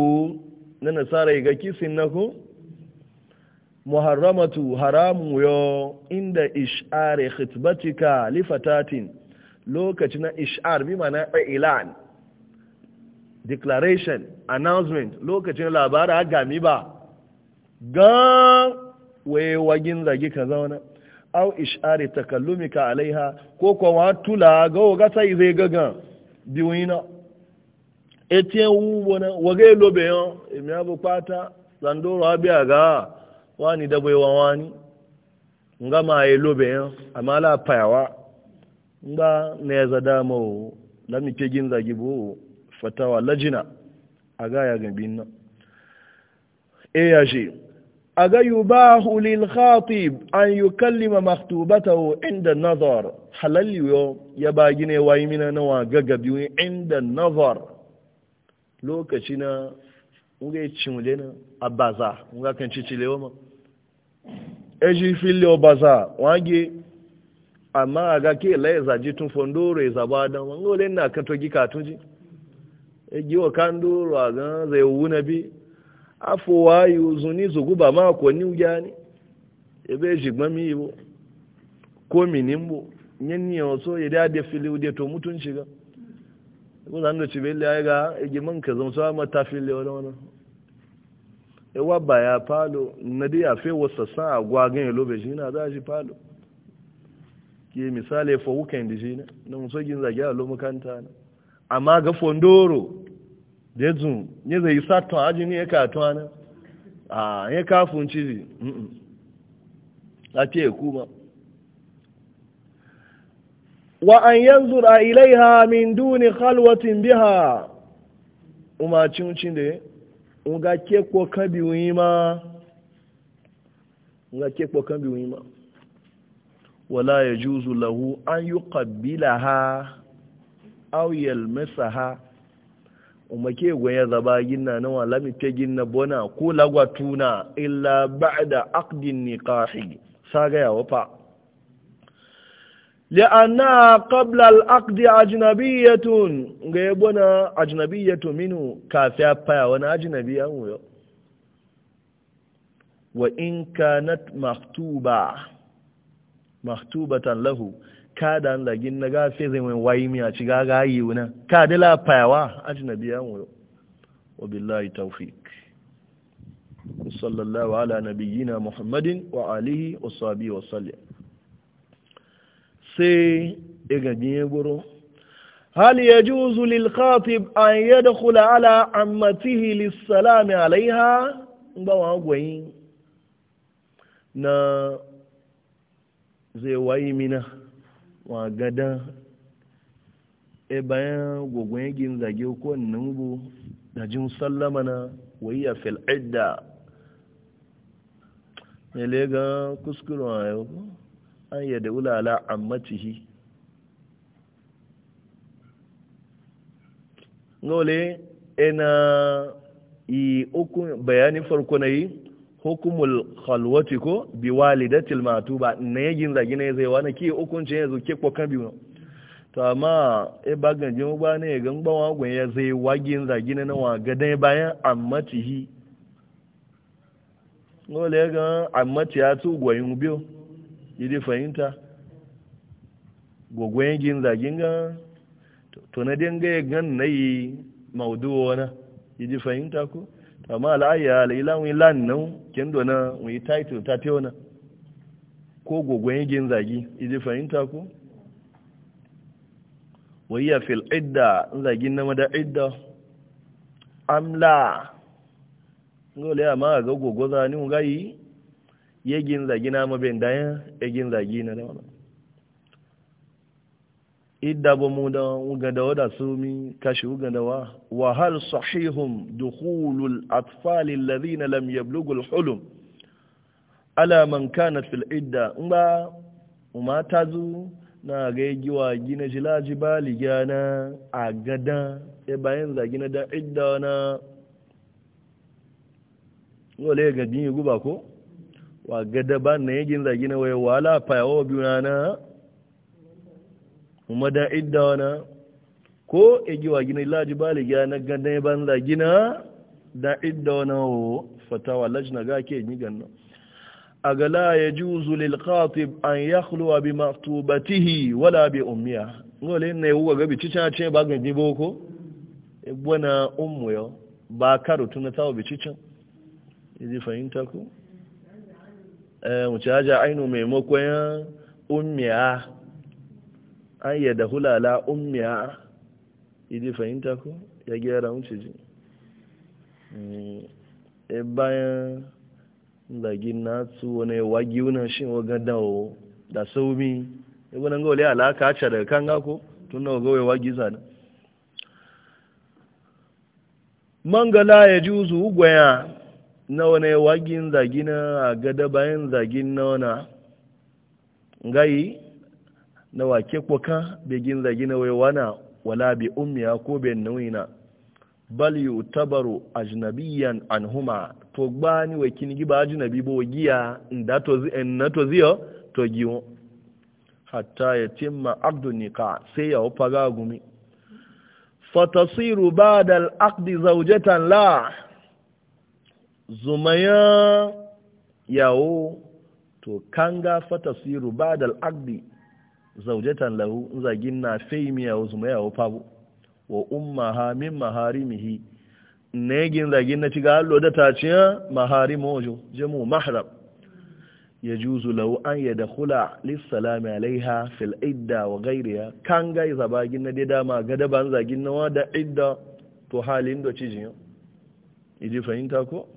na nasarar ga kisin na ku muharramatu haramu yo inda ish'ari khitbatika li fatatin lokaci na ish'ar bi mana ilan declaration announcement lokacin labara gami ba ga waye wagin zagi ka zauna au ish'ari takallumika alaiha ko wa tula ga ga sai zai gaga biwina etien wu bona wage lobe yo emi abukata zandoro abi aga wani wa wani nga ma ye lobe yan ma la payawa nga ne za da mo la mi pe gin zagi bo fatawa lajina aga ya gabin na e ya ji aga yubahu lil khatib an yukallima maktubatahu inda nazar halal yo ya ba gine wa yi mina na wa gagabi inda nazar lokaci na nga cimule na abaza nga kan cicile wa ma eji fili obaza wange amma a ga ke laye zaji tun fondoro ya zaba don wani olin na kan togi katun ji e giwa kan doro a gan zai wuna bi afo wayo zuni zugu ma ko ni uja ni ebe ji mi ibo ko mi nimbo nyen ni oso ya da fili ude to mutun shiga ko zan do cibele ay ga e ka zan so ma fili wala wala ewa ba ya falo na dai a fe wasa san agwa ganye lobe shi na za shi falo ke misali fa weekend shi ne na musogin zage a lomakanta na amma ga fondoro da zun ya zai saton ajin ya katuwa na a ya kafin ciri a ce kuma wa an yanzu a ha min duni halwatin biha umarcin cin da ya ke kekpo kan bi ma wala kekpo kan bi wi ma wala yajuzu lahu an yuqabbilaha aw yalmasaha umake gwaye zaba gina na wala mi te bona ko lagwatuna illa ba'da aqdin ni saga sagaya wafa لأنها قبل العقد أجنبية غيبنا أجنبية منه كافية بايا وانا أجنبية وإن كانت مخطوبة مخطوبة له kada an lagin na gafe zai mai wayi miya ci gagayi wuna ka da lafayawa ajnabi ya wuro wa billahi tawfiq sallallahu ala nabiyyina muhammadin wa alihi wa sahbihi wa sallam sai igagin ya goro. hal ya ji lil khatib an ya da kula ala ammatihi lissalami alaiha ba wa gwayi na zai wayi mina wa gada e bayan gwagwayen gin zage ko nungu da jin sallama na wayya fil idda ne lega kuskuren ayo an yada wulala ammatihi ngole ina i uku bayani farko na yi hukumul khalwati ko bi walidatil matuba ne yagin zagi ne zai wani ki hukuncin yanzu ke ko kan biyu to amma e bagan jin ba ne gan ba wagon ya zai wagin zagi ne na ga dai bayan ammatihi ngole ga ammati ya tu goyin biyu yi fahimta gwagwayen gin zagin gan to na dinga ya gan na yi mauduwa wana yi ji fahimta ku amma al'ayya laila wani lan nan kendo na wani title ta te wana ko gwagwayen gin zagi yi ji fahimta ku wayya fil idda zagin na mada idda amla ngole amma ga gwagwaza ni mu gayi yegin zagi na mabin dayan yegin zagi na dawa idda ba mu da uga da su mi kashi uga da wa wa hal sahihum dukhulul atfal alladhina lam yablughu alhulum ala man kana fil idda ba umata zu na ga giwa gina jilaji bali gana a gada e bayan zagi na da idda na wale ga din guba ko wa gada ba na yajin zagi na waya wala fayawa biyu na na kuma da idda wana ko egi wa gina laji ba ligiya na gada ya ban zagi na da idda wana wo fatawa na ga ke yi ganna a gala ya juzu lil khatib an ya khulwa bi maktubatihi wala bi umiya ngole ne wuga gabi cica ce ba ga boko e na umu ya ba tun na tawo bi cica izi fahimta ku wuce eh, haja ainu maimakon yan ummiya an yi da hulala ummiya idi fahimta ko ya gyara wuce ji mm. e eh, bayan lagin na su wani wagi wuna shi waga dawo da saumi ya eh, wani ga wale alaka ce daga kan gako tun na waga wagi zana mangala ya ji uzu ugwaya nawa ne wagin zagina a gada bayan zagin na wana ngayi na wake kwaka begin zagina wai wana wala bi ummiya ko ben nawina bal yutabaru ajnabiyan anhuma to ni wai kin giba ajnabi bo giya nda to zi na to ziyo to giyo. hatta yatimma aqdu niqa sai ya faga gumi fatasiru ba'da al-aqdi zawjatan la zumaya yawo to kanga fatasiru da al'adi zaujatan lahu zagin na faymi yawo zumaya yawo fabo wa umma ha min maharimihi ne gin zagin na ciga hallo da taciya mahari mojo jamu mahram yajuzu lahu an da hula lissalami alaiha fil idda wa gairiya kanga izabagin na dai dama gadaban zagin na da idda to halin do cijin idi fahimta ko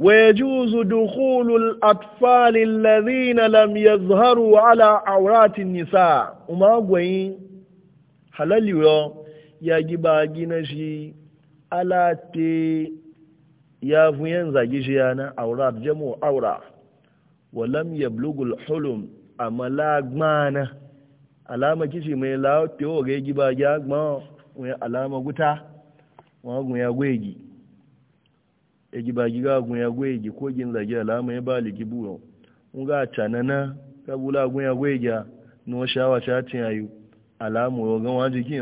ويجوز دخول الأطفال الذين لم يظهروا على عورات النساء وما قوين حلال يو يجب أجنشي على تي يافين زجيجيانا عورات جمو عورة ولم يبلغ الحلم أما لا أجمانا alama kici mai lawo tewo ga yi giba ya gma alama guta wa gma ya gwegi egi ba giga gun ya gwe gi ko gin lagi alama ya bali gi buro un ga canana ka bula gun ya gwe ga no shawa cha tin ayu alamu yo gan waji gi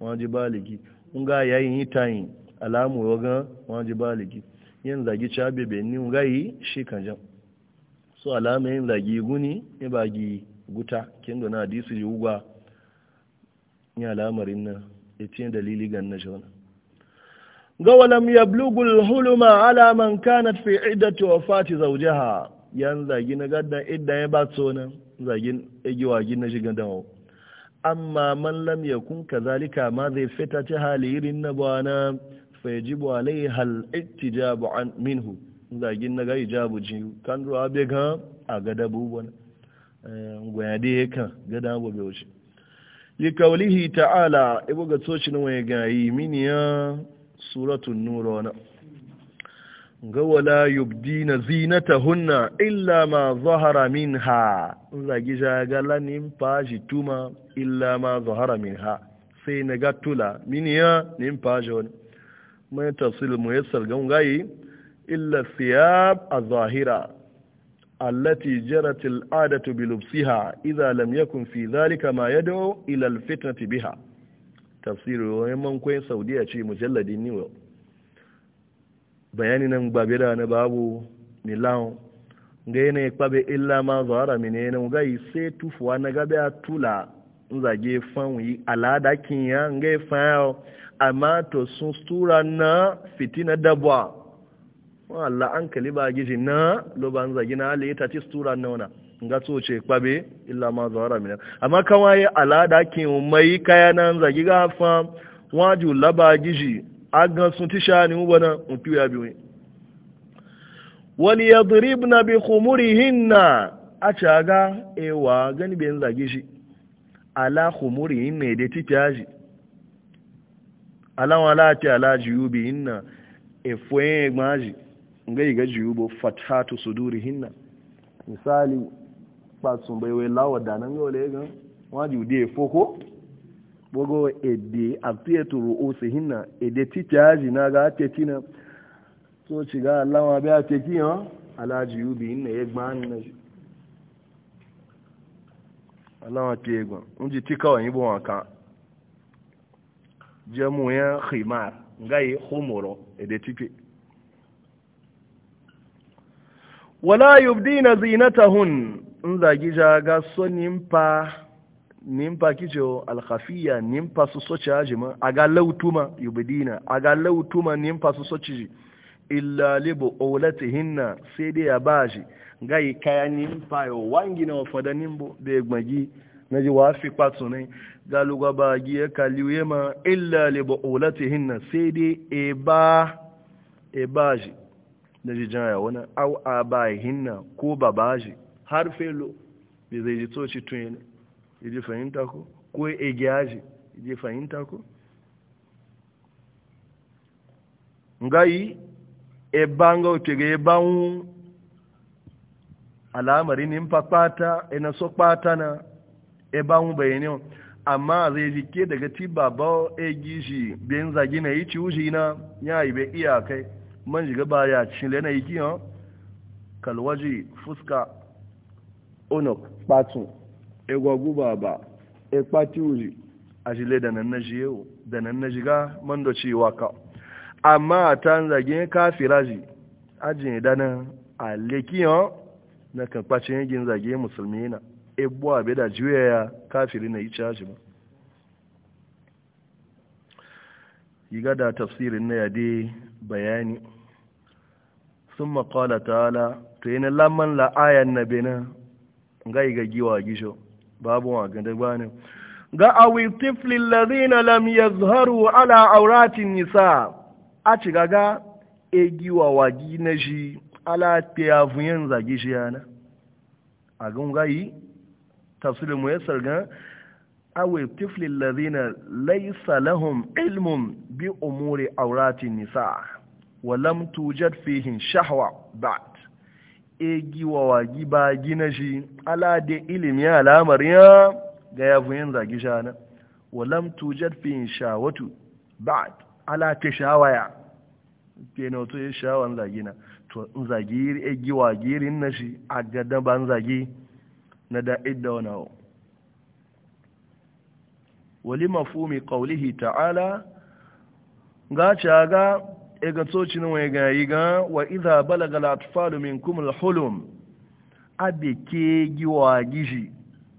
waji bali gi un ga yayi yi tayin alamu yo gan waji bali gi yin lagi cha bebe ni un yi shi kan so alama yin lagi guni ya ba gi guta kin na hadisi ji ugwa ni alamarin rinna ya ce dalili gan na shona ga walam yablugul huluma ala man kanat fi iddati wafati zawjaha yan zagi na gadda idda ya ba tsona zagin igiwa gin na shiga dawo amma man lam yakun kazalika ma zai fita ta halirin na bana fa yajibu alaiha al-ittijabu an minhu zagin na ga ijabu ji kan ruwa be ga a ga dabu bana eh, gwaya dai kan gada bu be wuce likaulihi ta'ala ibuga tsocin waye gayi miniya suratun nura na ga wala zinata hunna illa ma zahara minha zagi shagala lanin fashi tuma illa ma zahara ha sai na gatula miniya nin fashi wani mai tafsir mu yassar gangayi illa siyab a zahira allati jaratil adatu bilubsiha إذا lam yakun fi zalika ma yadu ila alfitnati biha tafsiri wani mankwai saudiya ce mujalladin new bayani nan gbabe na babu milan ga yanayi kpabe illa ma zara mini na gai sai tufuwa na gabe a tula zage fanwi aladakin ya ga fayo amma to sun stura na fitina dabwa wallah an kaliba gizi na loban zage na halaye ta stura na wana nga so ce kpabe illa ma zawara mina amma kan waye alada kin mai kaya nan zagi ga fa waju laba gishi agan sun tisha ni mu bana mu piya biwe wal na bi khumurihinna a caga ewa gani ben zagi shi ala khumurihin ne da titaji ala wala ta ala jiyu juyubi inna efwe gmaji yi ga jiyu juyubo fatatu sudurihinna misali kpatsun bai wai lawa da nan yau lai gan waji ude ya foko in zagi ja ga so nimpa nimpa kijo alkhafiya nimpa su so caji ma aga lautuma yubdina aga lautuma nimpa su so ciji illa libu aulatihinna sai dai ya baji gai kaya nimpa yo wangi na fada nimbo na ji naji wafi patsu ne ga lugwa ba giye kaliwe ma illa libu aulatihinna sai dai e ba e baji naji jaya wani au abahinna ko babaji har felo da zai ji toci tuni ya ji fahimta ku? ko egiyaji ya ji fahimta ko ngayi ebanga otege ebanwu al'amari ni mfa kpata ina e na ebanwu bayani amma zai ke daga ti baba egi shi bin zagi na yi ciwuji na ya yi bai iyakai man shiga baya cile na yi kiyan kalwaji fuska onok patun egwaguba ba ekpati uri ajile da nan naji yau da nan naji ga mando cewa ka amma a tan zage kafiraji da nan, alekiyan na kan kpacin yagin zage musulmi na egbo abe da juya kafiri na yi caji ba yi da tafsirin na yade bayani sun maƙala ta'ala to yi na laman la'ayan na benin ga iga giwa gisho babu wa ganda bani ga awi tifli alladhina lam yazharu ala auratin nisa a gaga e giwa wa gina shi ala tiyavuyan zagi yana a gan gayi tafsirin mu yasar ga awi tifli alladhina laysa lahum ilmun bi umuri auratin nisa wa lam tujad fihin shahwa ba'd egi wa wagi ba gina shi ala da ilimi alamar ya ga ya fuyin zagi shana walam tujar fi shawatu ba ala ta shawaya ke na wato ya shawan zagi na to in zagi egi wa girin na shi a gada ban zagi na da idda wani hau wali mafumi qawlihi ta'ala ga ga tsoci tsocin wai ga yi ga wa iza balaga latifalu min kumul hulum abe ke giwa gishi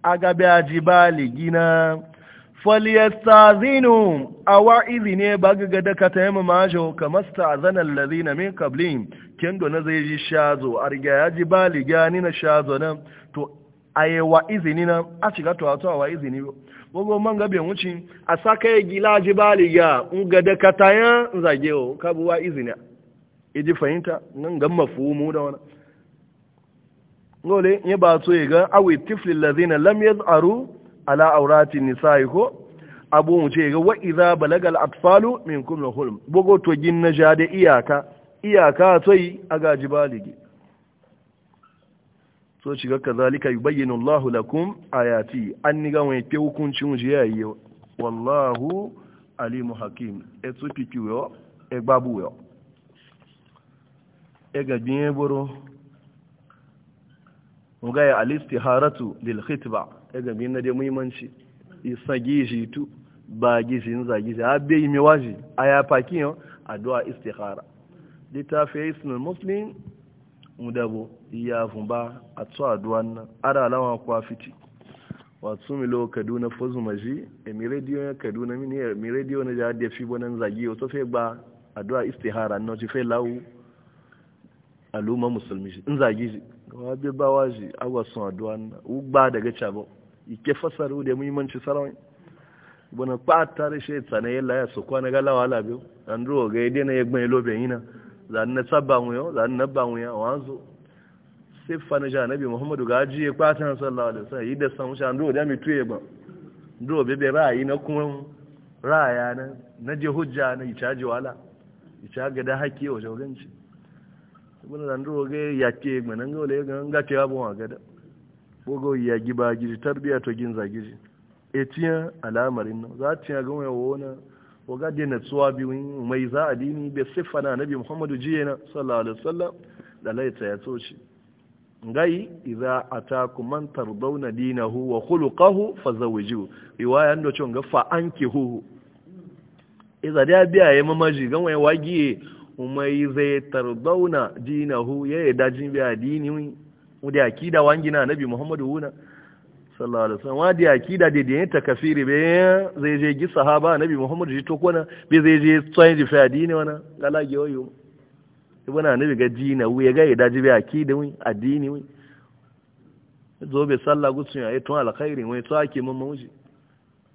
agabe bi aji bali gina falyastazinu awa izine ba ga daga ta yamma majo kamar stazana allazina min kablin kendo na zai ji shazo a riga ya ji bali gani na shazo nan to a yi wa izini na a shiga to a wa izini gogo man gabe wuci a saka ya gila ji baliga in ga da kataya in zage wa kabuwa izina iji fahimta nan ga mafumu da wani gole ya ba so ya ga awi tifli lazina lam yaz'aru ala aurati nisa'i ko abu mu ce ga wa idza balagal atfalu minkum hulm bogo to gin na jade iyaka iyaka sai aga ji baligi so shiga kazalika yubayyinu Allahu lakum ayati an ni gawe pe hukuncin uje yayi wallahu alimu hakim e tu pipi yo e babu yo e ga biye boro ga ya alistiharatu lil khitba e ga biye na de muhimmanci isagi jitu ba gizin zagi abe yi waji aya pakin yo addu'a istihara littafi isnul muslim mudabo iya fumba a tso aduwan nan ada alama kwa fiti wato milo kaduna fozu maji e rediyo ya kaduna mini rediyo na jihar da fi bonan zagi wato fe ba addu'a istihara na ci fe lawu aluma musulmi shi in zagi shi gawa bi ba waji agwa sun addu'a u gba daga cabo ike fasaru da muhimmanci sarawai bana kpa tare shi tsane yalla ya sokwa na galawa labiyo andro ga yede na yegban lobe yina za na sabba mu yau za na ba mu yau wanzu siffa na janabi muhammadu ga ajiye kwatan sallallahu alaihi wasallam yi da samu shan do da mi tuye ba do be be ra'ayi na kuma raya na na je hujja na yi caji wala yi caga da haƙƙi wa ci. saboda da do ga ya ke gmanan ga wala ga ga ce abu wa gada ko ga ya giba gidi tarbiya to gin zagiji etiyan alamarin nan za ta ga wona. waga da natsuwa biyu mai za a dini bai siffa na nabi muhammadu jiya na sallallahu alaihi wasallam da laita ya toci gai a ataku dauna dina hu wa fa khuluquhu fazawiju riwaya ndo chonga fa huhu? Iza da biya ya mamaji gan wai wagiye umai zai dina hu ya yi dajin biya dini udi akida wangi na nabi muhammadu wuna? sallallahu alaihi wasallam wadi akida da dai ta kafiri be zai je gi sahaba nabi muhammad ji to kona be zai je tsayin ji fadi ne wana gala galage wayo ibana nabi ga dina wuya ga ida ji be akida wi addini wi zo be sallah gutsun ya to alkhairi wai to ake mun mawuji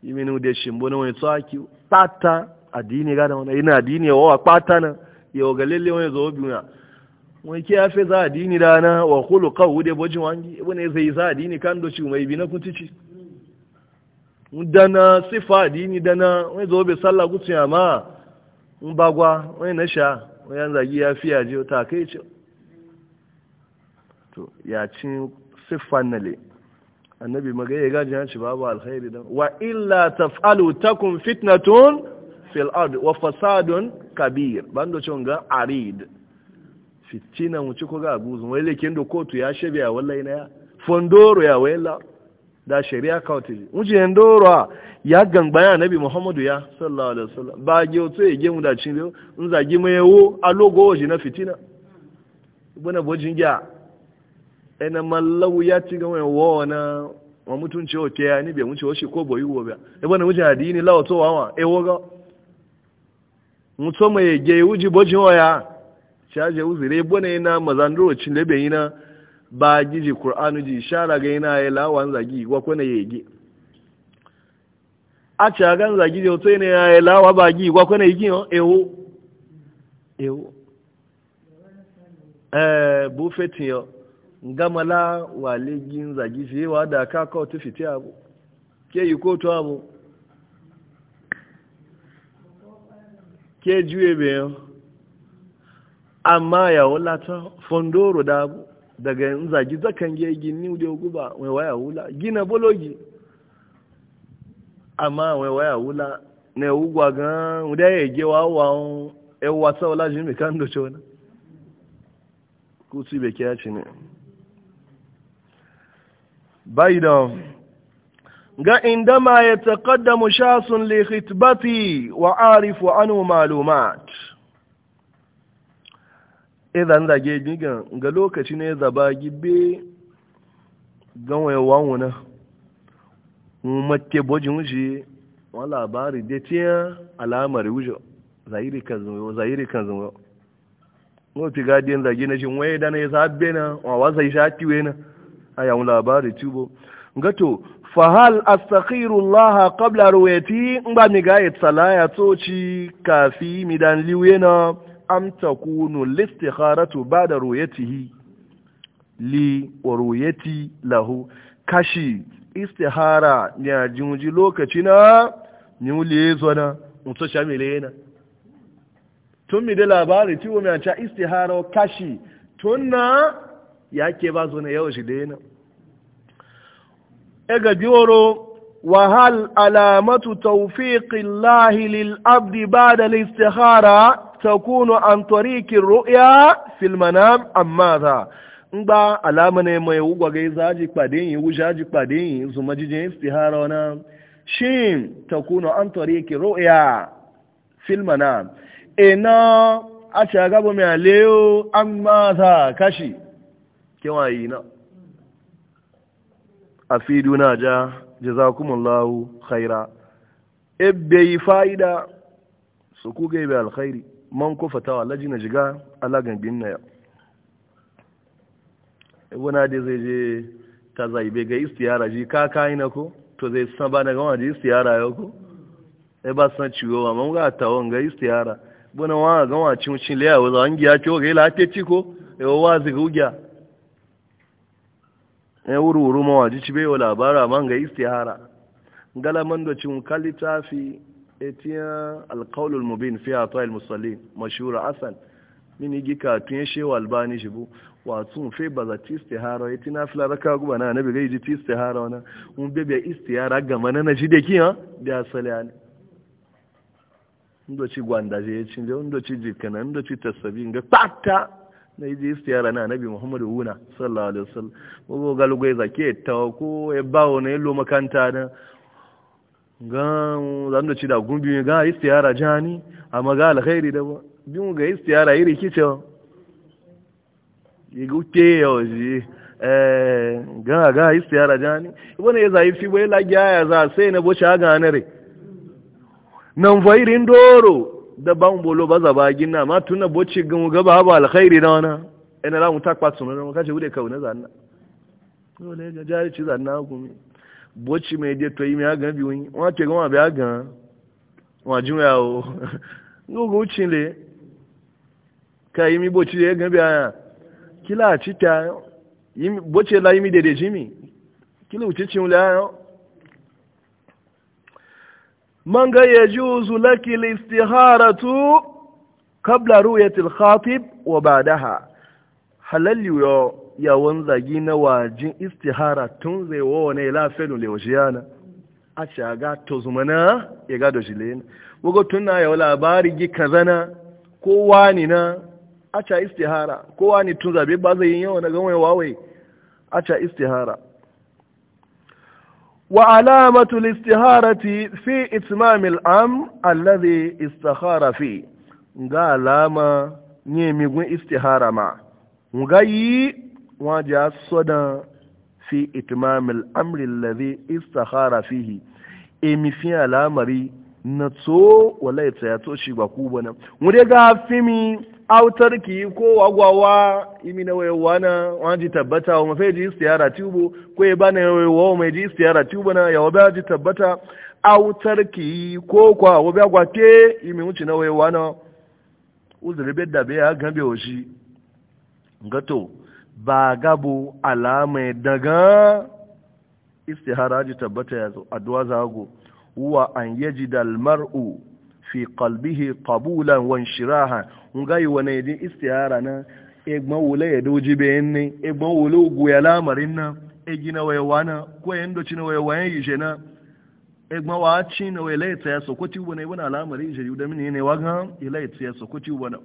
yiminu da shimbo ne wai to ake tata addini ga da wana ina addini wa pata na yo ga lalle wai zo biya wai ke yafe za a dini dana wa kulu kawo da bojin wangi wani zai za a dini kan doci mai bi na kutici dana sifa a dini dana wani zo bai sallah kutu ya ma in bagwa wani na sha wani yan zagi ya fiya ji ta kai ce to ya ci siffan na le annabi magaya ya gaji yanci babu alkhairi don wa illa taf'alu takun fitnatun fil'ad wa fasadun kabir bando ga arid fitina mu ci ko ga guzun wai lekin do kotu ya shebe ya wallahi na ya fondoro ya wayla da shari'a kawti muje ndoro ya gangba ya nabi muhammadu ya sallallahu alaihi wasallam ba ge oto ye ge mu da cin biyo in zagi mai yawo e a logo oji na fitina bana bojin gya ina e mallau ya ci ga wani wo na wa mutunci o te ya ni be mu ci o shi ko boyi wo ba e bana muje adini lawo to wawa e wo ga mu to mai e ge uji bojin o ya caje uzire bone na mazandro cin lebe ina ba giji qur'anu ji shara ga ina ya lawan zagi wa kone yegi a cagan zagi je to ina ya lawa ba gi wa kone yegi ewo ewo eh bu fetiyo ngamala waligin zagi je wa da ka ka to fiti abu ke yi ko to abu ke juye be yo amma ya wula ta fondoro da daga yin zagi zakan yi gini da guba mai waya wula gina bologi amma mai waya wula na yi ugwa gan da ya yi wawan ya wasa e wula shi mai kan doce wani kusi bai kya ci ne bai da ga ma ya taƙaddamu shasun li khitbati wa arifu anu malumat idan eh, zage gigan ga lokaci ne zaba gibe ganwaye wawuna mace bojin wuce wani labari da ciyar alamar wuce zahiri kan zuwa zahiri kan zuwa mafi gadiyan zage na shi waye da na ya sabbe na wawa sai shati waye na a yawon labari tubo gato fahal astaghfirullah qabla ruwayati mba ba mi ga salaya tsala toci kafi midan liwe na am takunu listikharatu ba'da ru'yatihi li wa ru'yati lahu kashi istihara ya jinji lokaci na nyule zona mutso shamile na tun mi da labari tiwo mi istihara kashi tunna yake ba zona yau shi dena ega biworo alamatu علامة lil Abdi bada بعد الاستخارة takunu an tariqir ru'ya fil manam amma za ngba alama ne mai wugwa ga zaji pade yin wujaji pade yin zuma jijin istihara wana shin takunu an tariqir ru'ya fil manam ina e a shaga bo mai leo amma za kashi kewa yi na afiduna ja jazakumullahu khaira ebbe yi fa'ida su kuge bi alkhairi man kofa fatawa laji na jiga alagan bin na ya wana da zai je ta zaibe ga istiyara ji ka kayi na ko to zai san ba na gama da istiyara ya ko e ba san ciwo ma mun ga tawon ga istiyara buna wa ga wa cin cin leya wa zan giya ciwo ga ila te ci ko e wa zai gugiya e wuru ma waji ci be wa labara man ga istiyara galaman da cin kalitafi etiya alkaulul mubin fi atoyi musalli mashura asan yi gika tun shewa albani shi bu watsun fe ba za ti istihara ya ti nafila raka guba na nabi gai ji ti istihara wana un bebe istihara ga mana na ji da ha, da asali ali ndo ci gwanda je ci da ndo ci jikana ndo ci tasabi ga tata na yi ji istihara na nabi muhammadu wuna sallallahu alaihi wasallam ko ga lugai zake tawo ko ya e bawo ne lo makanta na ga zan da ci da gumbi ga istiyara jani amma ga alkhairi da ba bin ga istiyara iri kice eh, yi guke yaji eh ga ga istiyara jani wani ya zai fi bai la ya za sai na bocha ga nare nan vairin doro da ban bolo ba za ba ginna ma tuna boci gan ga ba ba alkhairi da wana ina la mu takwa sunan mu kace wude kauna zanna dole ga jari ci zanna gumi bọ́ọ̀chì mẹ́ẹ̀dẹ́ tọ́ ìmẹ́ àgàn bí wọ́n bi tẹ̀gọ́ wọn àbẹ́ àgàn wọn àjúmọ́ yà ó ngógun chinle ka yimi bọ́ọ̀chì yẹ gan bí àyà kí láà títà bọ́ọ̀chì la yimi dèdè jimi kí lè wùtí chinle àyà. من يجوز لك الاستخارة قبل رؤية الخاطب وبعدها حلل يو yawon zagi na wajin istihara tun zai wawa na ilafenu lewajiyana a shaga to zumana ya gado shi lena wago tuna yawon labari gi kazana ko wani na a ca istihara ko wani tun zabe ba zai yi yawa na gawai wawai a ca istihara wa alamatul istiharati fi itmamil am allazi istakhara fi ga alama ne migun istihara ma yi. jẹ́ sodan fi itimamil amrin lade istahara èmì fi alamari na to wala ta tó to shi ba na wọ́n dẹ́ ga mi autar ki ko wagwawa imi na wayewa na ji tabbata wọ́n fẹ́ ji istiyara tubo ko ya bana wayewa wọ́n mai ji istiyara tubo na ya wabe ji tabbata autar ki ko kwa gwa ke imi wuce na wayewa na uzuri da be ya gambe wa shi gato ba gabo alama daga istihara ji tabbata ya zo addu'a zago wa an yajida almar'u fi qalbihi qabulan wa inshirahan ngai wane yadi istihara na egbon wole ya doji be nne egbon wole ugu ya lamarin na egina waya wana ko endo china waya wayan yije na egbon wa chi na waya leta ya sokoti wona ibona alamarin je yuda mini ne waga ileta ya sokoti wona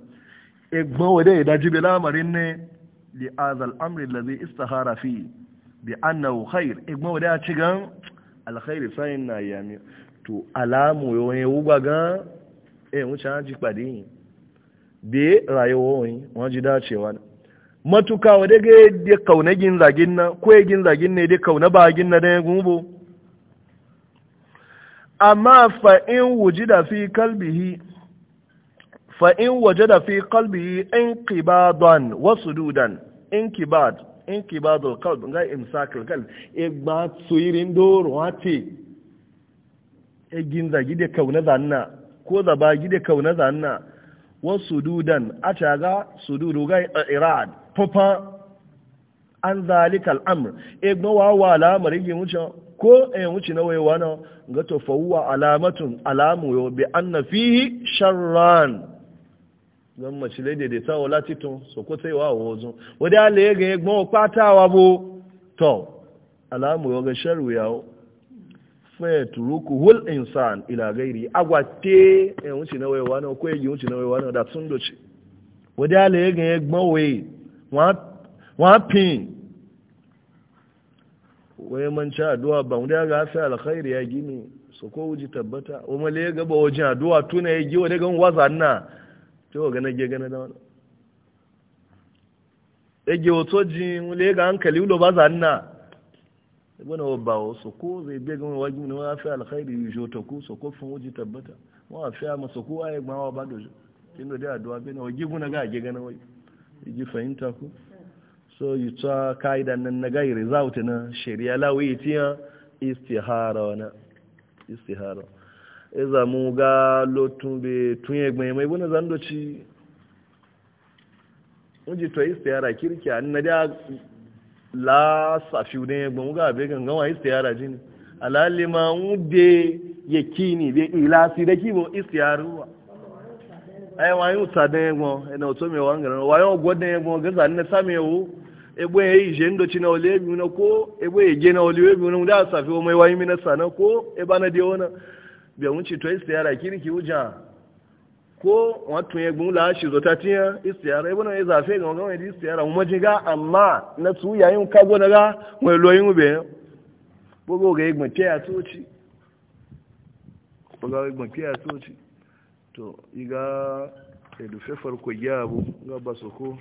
egbon wode ya daji be lamarin ne li azal amri lazi istahara fi bi annahu khair igmo da ci gan alkhairi fa na yami to alamu yo ne wuga gan e mu cha ji padi be rayuwa yin won ji dacewa matuka de ge de kauna gin zagin na ko gin zagin ne de kauna ba gin na dan gumbo amma fa in wujida fi kalbihi fa in wajada fi qalbihi inqibadan wa sududan inqibad inqibadul qalb nga imsakul qalb e gba suirin doro wati e ginza gide kauna zanna ko da ba gide kauna zanna wa sududan su sududu ga irad popa an zalikal amr e gba wa wala marigi mucho ko e wuce na waiwa na ga tofawwa alamatun alamu yau bi anna fihi sharran zan mace lai daidaita wa latitun so ko sai wa wozun wadda ala ya ganye gbọn patawa bo to alamu yoga sharu yawo fẹ́ turuku hul insan ila gairi agwate ẹ̀hún e na náwẹ̀ wa ko kó èyí ń na náwẹ̀ wa náà da tún dòṣe wadda ala ya ganye gbọn wẹ̀ wọ́n pin wai man ci addu'a ba wanda ya gasa alkhairi ya gini so ko wuji tabbata o male ya gaba wajen addu'a tuna ya giwa daga waza na to ga nage gana da wani ege wato ji wule hankali ulo ba za na wani wabba wasu ko zai biya gama wagi ne wani fi alkhairi yi jota ko fin wuji tabbata wani a masa ko ayi gbawa ba da jin da dai aduwa bai na wagi guna ga gana wai igi fahimta ku so yi ta ka'idan nan na gairi zautu na shari'a lawi tiya istihara wani istihara iza mu ga lotun be tun ya gbanyi mai buna zan doci unji to istiyara kirki an na da la safi udin ya gbanyi ga be gangan wa istiyara jini alalima ude yakini be ilasi da kibo istiyaruwa ai wa yin ta dan egbon ena oto mi wa ngara wa yo gwo dan egbon gaza ne sami ewu ebo e je ndo chi na ole bi na ko ebo e je na ole bi na da safi o mai wa yimi na sana ko e bana de ona bai wuce to istiyara ki wuja ko watu ya gun la shi ta tiya istiyara ibn ya zafe ga wannan di istiyara mu jiga amma na su yayin kago daga wai loyin be bogo ga igma tiya toci bogo ga igma tiya ci to iga edu fe farko yabu ga basoko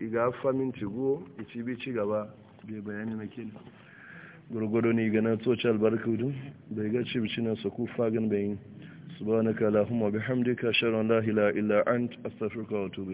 iga famin cigo bi ci gaba bai bayani na gurgudu ne ganin tsoci albarka hudu bai ga bici na saku fagin bayin subhanaka allahumma bihamdika sharon la ilaha illa ant astaghfiruka wa atubu